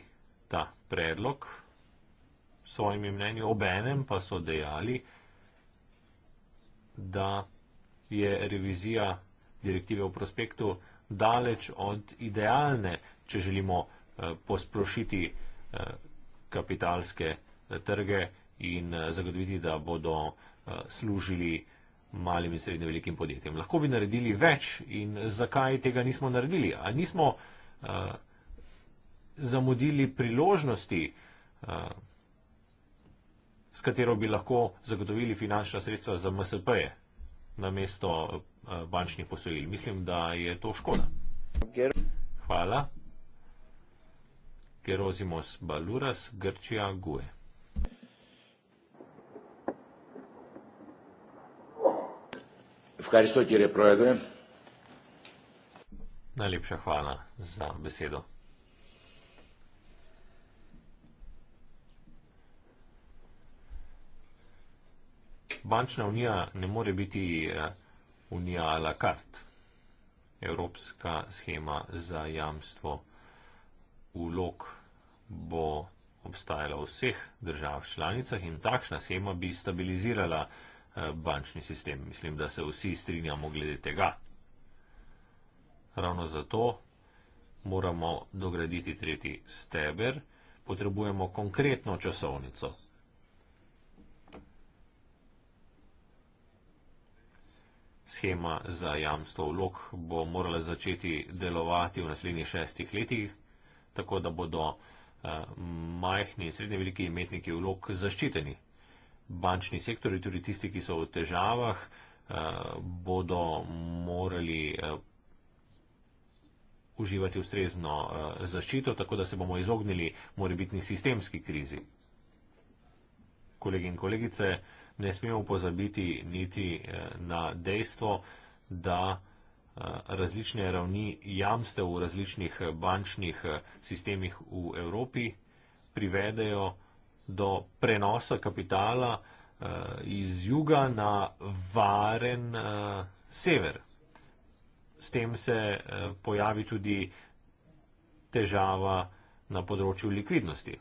ta predlog s svojimi mnenji, obenem pa so dejali, da je revizija direktive v prospektu daleč od idealne, če želimo eh, posplošiti eh, kapitalske eh, trge in zagotoviti, da bodo služili malim in srednje velikim podjetjem. Lahko bi naredili več in zakaj tega nismo naredili? A nismo uh, zamudili priložnosti, eh, s katero bi lahko zagotovili finančna sredstva za MSP-je na mesto eh, bančnih posojil. Mislim, da je to škoda. Hvala. Gerozimos Baluras, Grčija, Gue. Najlepša hvala za besedo. bančna unija ne more biti eh, unija a la carte, evropska schema za jamstvo ulog bo obstajala v vseh državah članicah in takšna schema bi stabilizirala eh, bančni sistem. Mislim, da se vsi strinjamo glede tega. Ravno zato moramo dograditi tretji steber, potrebujemo konkretno časovnico. Schema za jamstvo vlog bo morala začeti delovati v naslednjih šestih letih, tako da bodo eh, majhni in srednje veliki imetniki vlog zaščiteni. Bančni sektori, tudi tisti, ki so v težavah, eh, bodo morali eh, uživati ustrezno zaščito, tako da se bomo izognili morebitni sistemski krizi. Kolegi in kolegice, ne smemo pozabiti niti eh, na dejstvo, da eh, različne ravni jamstev v različnih eh, bančnih sistemih v Evropi privedejo do prenosa kapitala iz juga na varen sever. S tem se pojavi tudi težava na področju likvidnosti.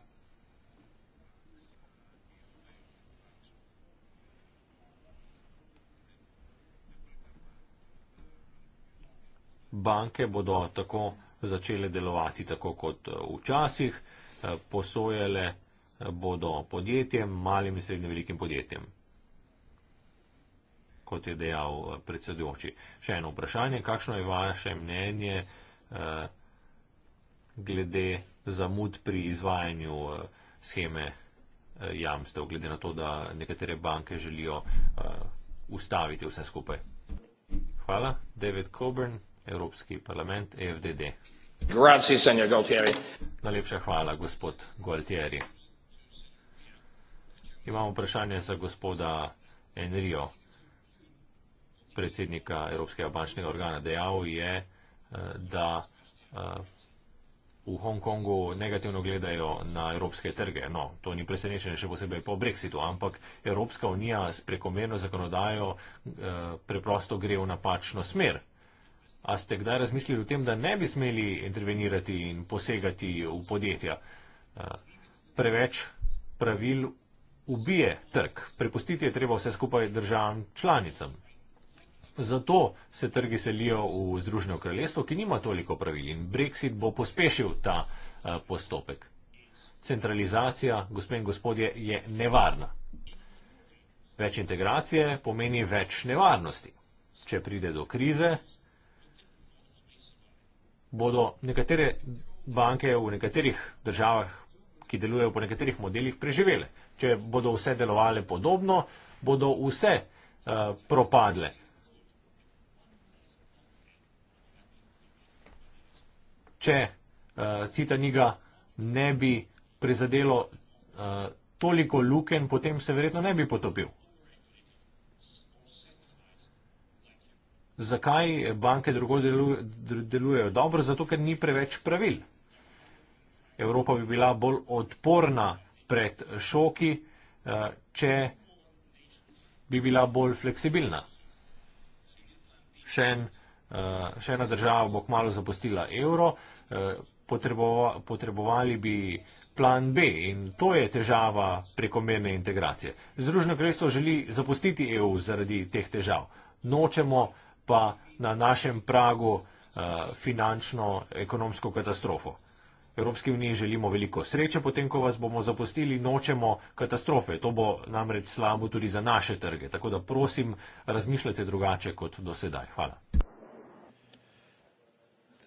banke bodo tako začele delovati tako kot eh, včasih, eh, posojale eh, bodo podjetjem, malim in srednjim velikim podjetjem, kot je dejal predsedujoči. Še eno vprašanje, kakšno je vaše mnenje glede zamud pri izvajanju scheme jamstev, glede na to, da nekatere banke želijo ustaviti vse skupaj? Hvala, David Coburn. Evropski parlament EFDD. Grazie, signor Gualtieri. Najlepša hvala, gospod Gualtieri. Imamo vprašanje za gospoda Enrio, predsednika Evropskega bančnega organa. Dejal je, eh, da eh, v Hongkongu negativno gledajo na evropske trge. No, to ni presenečenje, še posebej po Brexitu, ampak Evropska unija s prekomerno zakonodajo eh, preprosto gre v napačno smer. A ste kdaj razmislili o tem, da ne bi smeli intervenirati in posegati v podjetja? Preveč pravil ubije trg. Prepustiti je treba vse skupaj državam članicam. Zato se trgi selijo v Združeno kraljestvo, ki nima toliko pravil in Brexit bo pospešil ta postopek. Centralizacija, gospe in gospodje, je nevarna. Več integracije pomeni več nevarnosti. Če pride do krize, bodo nekatere banke v nekaterih državah, ki delujejo po nekaterih modelih, preživele. Če bodo vse delovale podobno, bodo vse uh, propadle. Če uh, Titaniga ne bi prizadelo uh, toliko luken, potem se verjetno ne bi potopil. Zakaj banke drugo delujejo? Dobro, zato ker ni preveč pravil. Evropa bi bila bolj odporna pred šoki, eh, če bi bila bolj fleksibilna. Še, en, eh, še ena država bo kmalo zapustila evro, eh, potrebova, potrebovali bi plan B in to je težava prekomerne integracije. Združeno kraljestvo želi zapustiti EU zaradi teh težav. Nočemo pa na našem pragu eh, finančno, ekonomsko katastrofo. Evropski uniji želimo veliko sreče, potem ko vas bomo zapustili, nočemo katastrofe. To bo namreč slabo tudi za naše trge. Tako da prosim, razmišljajte drugače kot do sedaj. Hvala.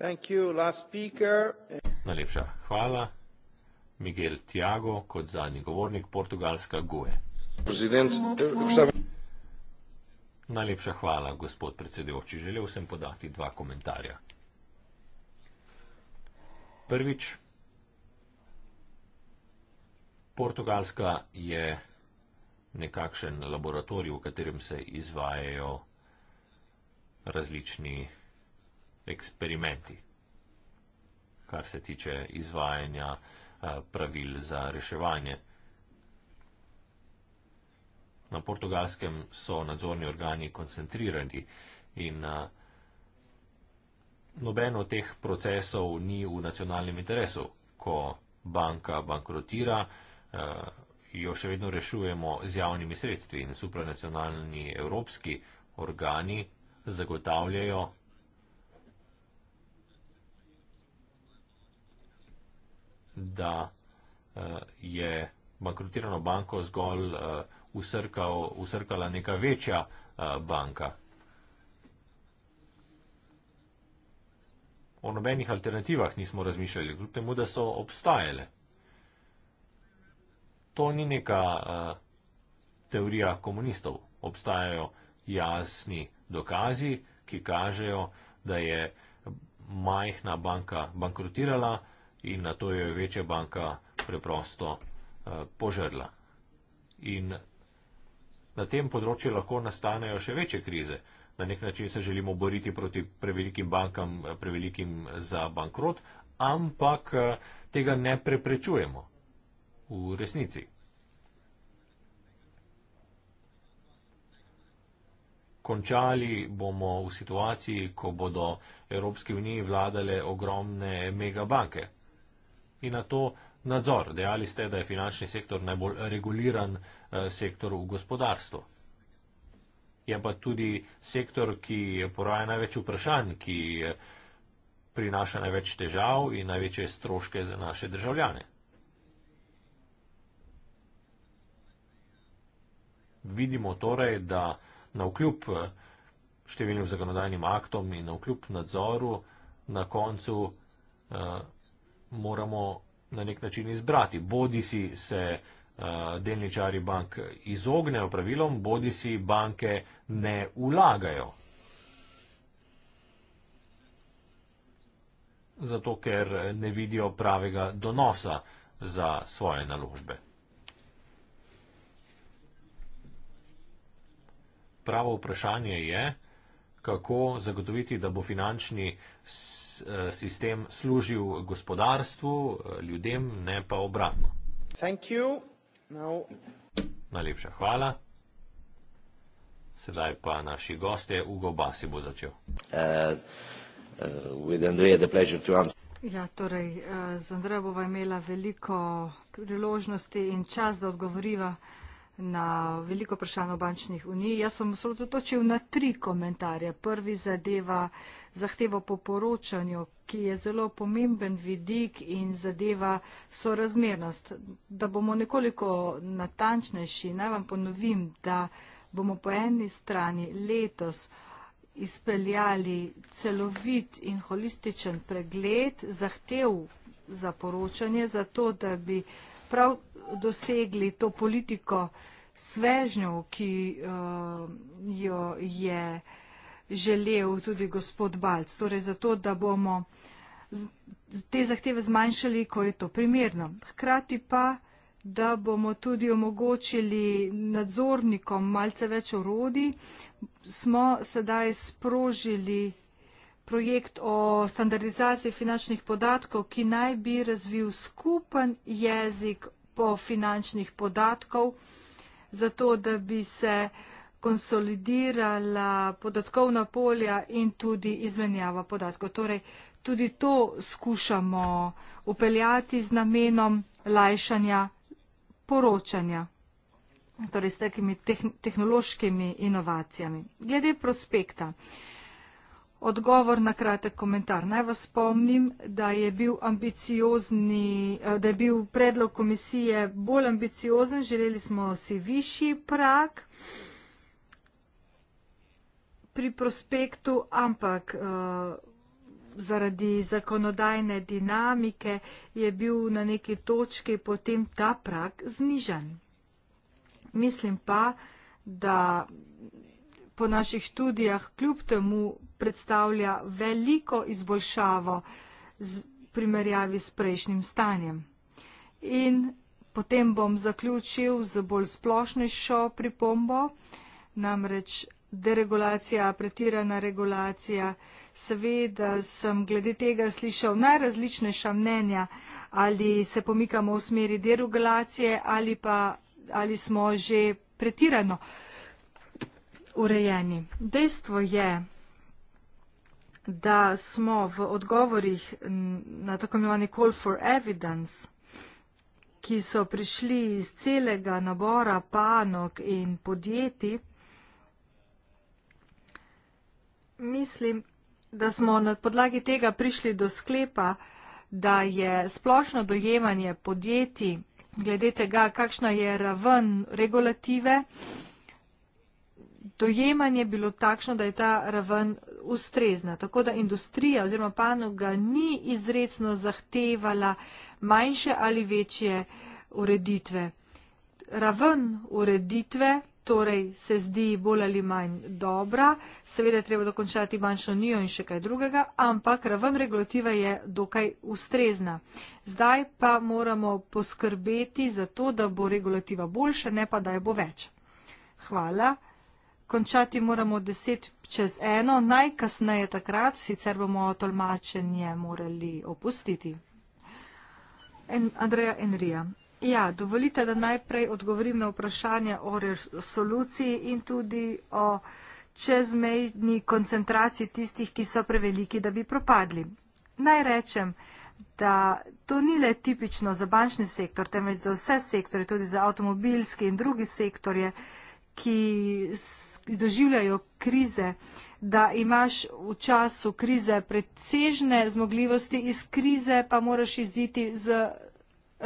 You, Najlepša hvala. Miguel Tiago kot zadnji govornik, Portugalska GUE. President, eh, eh, Najlepša hvala, gospod predsedujoči. Želel sem podati dva komentarja. Prvič, Portugalska je nekakšen laboratorij, v katerem se izvajajo različni eksperimenti, kar se tiče izvajanja eh, pravil za reševanje na portugalskem so nadzorni organi koncentrirani in nobeno od teh procesov ni v nacionalnem interesu. Ko banka bankrotira, jo še vedno rešujemo z javnimi sredstvi in supranacionalni evropski organi zagotavljajo da je bankrotirano banko zgolj usrkal, usrkala neka večja banka. O nobenih alternativah nismo razmišljali, kljub temu, da so obstajale. To ni neka teorija komunistov. Obstajajo jasni dokazi, ki kažejo, da je majhna banka bankrotirala in na to jo je večja banka preprosto požrla. In na tem področju lahko nastanejo še večje krize. Na nek način se želimo boriti proti prevelikim bankam, prevelikim za bankrot, ampak eh, tega ne preprečujemo v resnici. Končali bomo v situaciji, ko bodo Evropski uniji vladale ogromne megabanke. In na to nadzor. Dejali ste, da je finančni sektor najbolj reguliran eh, sektor v gospodarstvu. Je pa tudi sektor, ki poraja največ vprašanj, ki eh, prinaša največ težav in največje stroške za naše državljane. Vidimo torej, da na vkljub eh, številnim zakonodajnim aktom in na vkljub nadzoru na koncu eh, moramo na nek način izbrati. Bodi si se eh, delničari bank izognejo pravilom, bodi si banke ne ulagajo. Zato, ker ne vidijo pravega donosa za svoje naložbe. Pravo vprašanje je, kako zagotoviti, da bo finančni sistem Eh, sistem služil gospodarstvu, eh, ljudem, ne pa obratno. Now... Najlepša hvala. Sedaj pa naši gostje, Ugo Basi bo začel. Uh, uh, Ja, torej, z Andrejo bova imela veliko priložnosti in čas, da odgovoriva uh, na veliko vprašanj o bančnih uniji. Jaz sem se odločil na tri komentarje. Prvi zadeva zahtevo po poročanju, ki je zelo pomemben vidik in zadeva sorazmernost. Da bomo nekoliko natančnejši, naj vam ponovim, da bomo po eni strani letos izpeljali celovit in holističen pregled zahtev za poročanje, zato da bi prav dosegli to politiko svežnjev, ki uh, jo je želel tudi gospod Balc. Torej zato, da bomo te zahteve zmanjšali, ko je to primerno. Hkrati pa, da bomo tudi omogočili nadzornikom malce več orodi, smo sedaj sprožili projekt o standardizaciji finančnih podatkov, ki naj bi razvil skupen jezik po finančnih podatkov, zato da bi se konsolidirala podatkovna polja in tudi izmenjava podatkov. Torej, tudi to skušamo upeljati z namenom lajšanja poročanja, torej s takimi tehn tehnološkimi inovacijami. Glede prospekta. Uh, Odgovor na kratek komentar. Naj vas spomnim, da je bil ambiciozni, eh, da je bil predlog komisije bolj ambiciozen, želeli smo si višji prak pri prospektu, ampak eh, zaradi zakonodajne dinamike je bil na neki točki potem ta prak znižen. Mislim pa, da po naših študijah kljub temu predstavlja veliko izboljšavo z primerjavi s prejšnjim stanjem. In potem bom zaključil z bolj splošnejšo pripombo, namreč deregulacija, pretirana regulacija. Seveda sem glede tega slišal najrazličnejša mnenja, ali se pomikamo v smeri deregulacije ali pa ali smo že pretirano urejeni. Dejstvo je, da smo v odgovorih na tako imenovani call for evidence, ki so prišli iz celega nabora panog in podjetij, mislim, da smo na podlagi tega prišli do sklepa, da je splošno dojemanje podjetij glede tega, kakšna je raven regulative, dojemanje bilo takšno, da je ta raven ustrezna. Tako da industrija oziroma panoga ni izredno zahtevala manjše ali večje ureditve. Raven ureditve torej se zdi bolj ali manj dobra, seveda je treba dokončati manjšo nijo in še kaj drugega, ampak raven regulativa je dokaj ustrezna. Zdaj pa moramo poskrbeti za to, da bo regulativa boljša, ne pa da je bo več. Hvala. Končati moramo deset čez eno, najkasneje takrat, sicer bomo tolmačenje morali opustiti. En, Andreja Enrija. Ja, dovolite, da najprej odgovorim na vprašanje o resoluciji in tudi o čezmejni koncentraciji tistih, ki so preveliki, da bi propadli. Naj rečem, da to ni le tipično za bančni sektor, temveč za vse sektore, tudi za avtomobilski in drugi sektorje, ki doživljajo krize, da imaš v času krize precežne zmogljivosti, iz krize pa moraš iziti z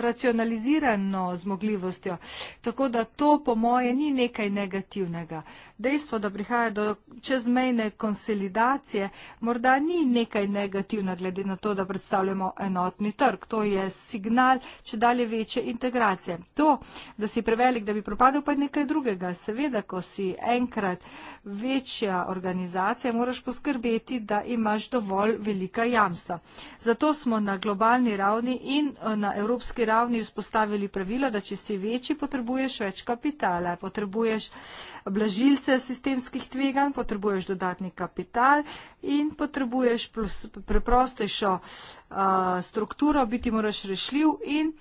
racionalizirano zmogljivostjo. Tako da to, po moje, ni nekaj negativnega. Dejstvo, da prihaja do čezmejne konsolidacije, morda ni nekaj negativna, glede na to, da predstavljamo enotni trg. To je signal, če dalje večje integracije. To, da si prevelik, da bi propadel, pa je nekaj drugega. Seveda, ko si enkrat večja organizacija, moraš poskrbeti, da imaš dovolj velika jamstva. Zato smo na globalni ravni in eh, na evropski ravni vzpostavili pravilo, da če si večji, potrebuješ več kapitala, potrebuješ blažilce sistemskih tvegan, potrebuješ dodatni kapital in potrebuješ plus, preprostejšo uh, strukturo, biti moraš rešljiv in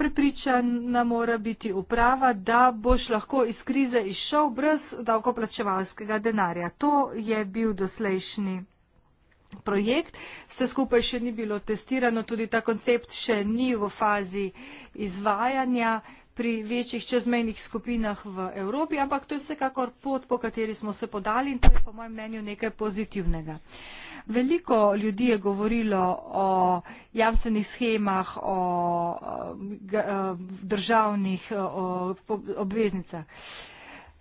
prepričana mora biti uprava, da boš lahko iz krize izšel brez davkoplačevalskega denarja. To je bil doslejšnji projekt. Vse skupaj še ni bilo testirano, tudi ta koncept še ni v fazi izvajanja pri večjih čezmejnih skupinah v Evropi, ampak to je vsekakor pot, po kateri smo se podali in to je po mojem mnenju nekaj pozitivnega. Veliko ljudi je govorilo o jamstvenih schemah, o eh, državnih eh, obveznicah.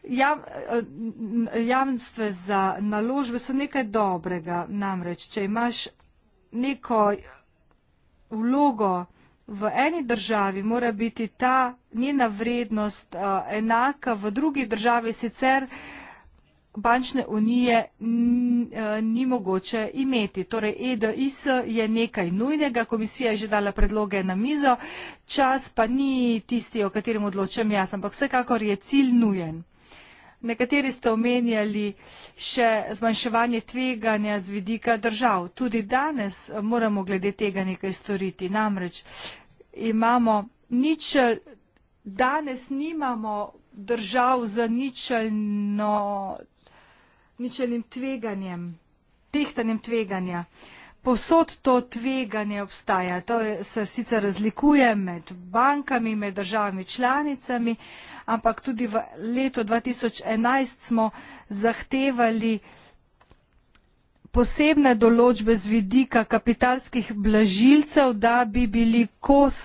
Jav, eh, javnstve za naložbe so nekaj dobrega, namreč, če imaš neko vlogo v eni državi, mora biti ta njena vrednost uh, enaka v drugi državi, sicer bančne unije eh, ni mogoče imeti. Torej, EDIS je nekaj nujnega, komisija je že dala predloge na mizo, čas pa ni tisti, o katerem odločam jaz, ampak vsekakor je cilj nujen. Nekateri ste omenjali še zmanjševanje tveganja z vidika držav. Tudi danes moramo glede tega nekaj storiti. Namreč imamo nič, danes nimamo držav z ničelno, ničelnim tveganjem, tehtanjem tveganja. Uh, posod to tveganje obstaja. To se sicer razlikuje med bankami, med državami članicami, ampak tudi v letu 2011 smo zahtevali posebne določbe z vidika kapitalskih blažilcev, da bi bili kos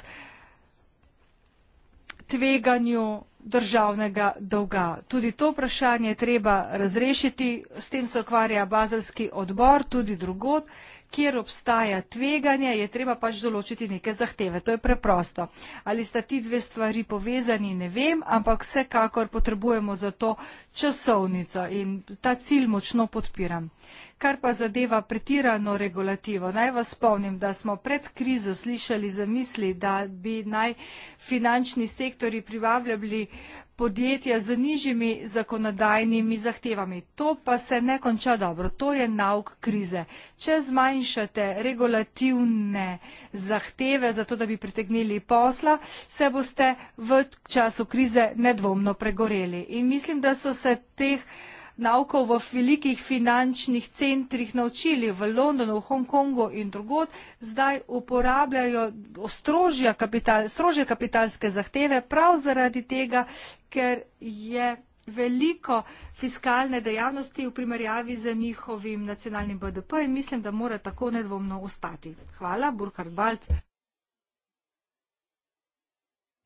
tveganju državnega dolga. Tudi to vprašanje treba razrešiti, s tem se okvarja bazalski odbor, tudi drugod kjer obstaja tveganje, je treba pač določiti neke zahteve. To je preprosto. Ali sta ti dve stvari povezani, ne vem, ampak vsekakor potrebujemo za to časovnico in ta cilj močno podpiram. Kar pa zadeva pretirano regulativo. Naj vas spomnim, da smo pred krizo slišali za misli, da bi naj finančni sektori privabljali podjetja z nižjimi zakonodajnimi zahtevami. To pa se ne konča dobro, to je nauk krize. Če zmanjšate regulativne zahteve za to, da bi pritegnili posla, se boste v času krize nedvomno pregoreli. In mislim, da so se teh naukov v velikih finančnih centrih naučili v Londonu, v Hongkongu in drugod, zdaj uporabljajo strožje kapital, kapitalske zahteve prav zaradi tega, ker je veliko fiskalne dejavnosti v primerjavi z njihovim nacionalnim BDP in mislim, da mora tako nedvomno ostati. Hvala, Burkhard Balc.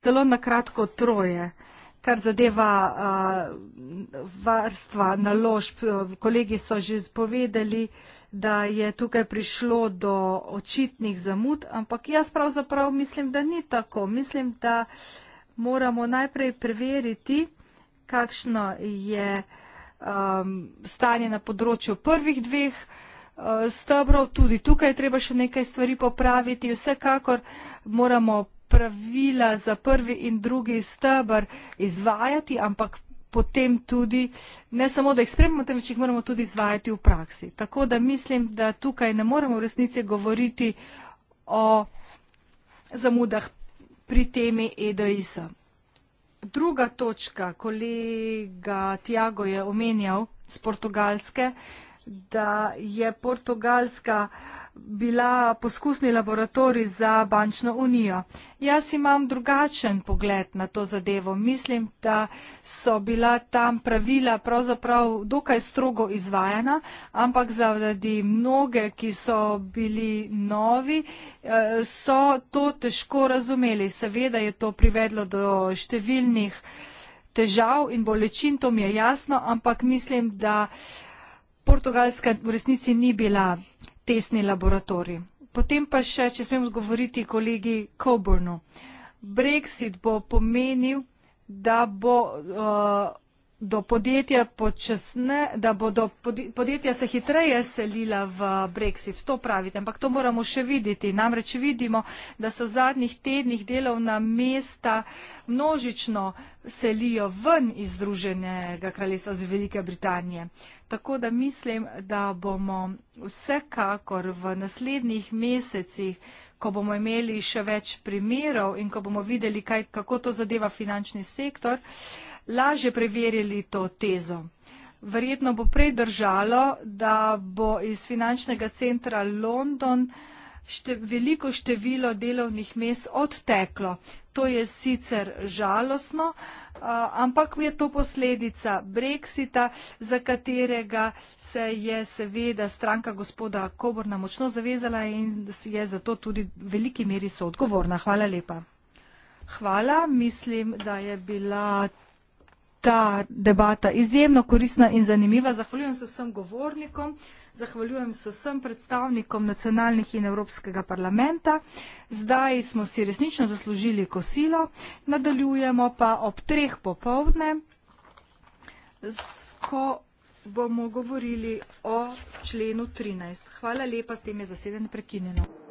Zelo na kratko troje kar zadeva varstva naložb. Kolegi so že spovedali, da je tukaj prišlo do očitnih zamud, ampak jaz pravzaprav mislim, da ni tako. Mislim, da moramo najprej preveriti, kakšno je stanje na področju prvih dveh stebrov. Tudi tukaj treba še nekaj stvari popraviti. Vsekakor moramo pravila za prvi in drugi stebr izvajati, ampak potem tudi, ne samo, da jih spremljamo, temveč jih moramo tudi izvajati v praksi. Tako da mislim, da tukaj ne moremo v resnici govoriti o zamudah pri temi EDIS-a. Druga točka, kolega Tiago je omenjal z Portugalske, da je Portugalska uh, bila poskusni laboratorij za bančno unijo. Jaz imam drugačen pogled na to zadevo. Mislim, da so bila tam pravila pravzaprav dokaj strogo izvajana, ampak zaradi mnoge, ki so bili novi, eh, so to težko razumeli. Seveda je to privedlo do številnih težav in bolečin, to mi je jasno, ampak mislim, da Portugalska v resnici ni bila testni laboratorij. Potem pa še, če smem odgovoriti kolegi Coburnu. Brexit bo pomenil, da bo uh, do podjetja počasne, da bodo podjetja se hitreje selila v Brexit. To pravite, ampak to moramo še videti. Namreč vidimo, da so v zadnjih tednih delovna mesta množično selijo ven iz Združenega kraljestva z Velike Britanije. Tako da mislim, da bomo vsekakor v naslednjih mesecih, ko bomo imeli še več primerov in ko bomo videli, kaj, kako to zadeva finančni sektor, uh, lažje preverjali to tezo. Verjetno bo prej držalo, da bo iz finančnega centra London šte, veliko število delovnih mest odteklo. To je sicer žalostno, ampak je to posledica Brexita, za katerega se je seveda stranka gospoda Coburna močno zavezala in je zato tudi v veliki meri soodgovorna. Hvala lepa. Hvala, mislim, da je bila ta debata izjemno koristna in zanimiva. Zahvaljujem se vsem govornikom, zahvaljujem se vsem predstavnikom nacionalnih in Evropskega parlamenta. Zdaj smo si resnično zaslužili kosilo, nadaljujemo pa ob treh popovdne, ko bomo govorili o členu 13. Hvala lepa, s tem je zasedanje prekinjeno.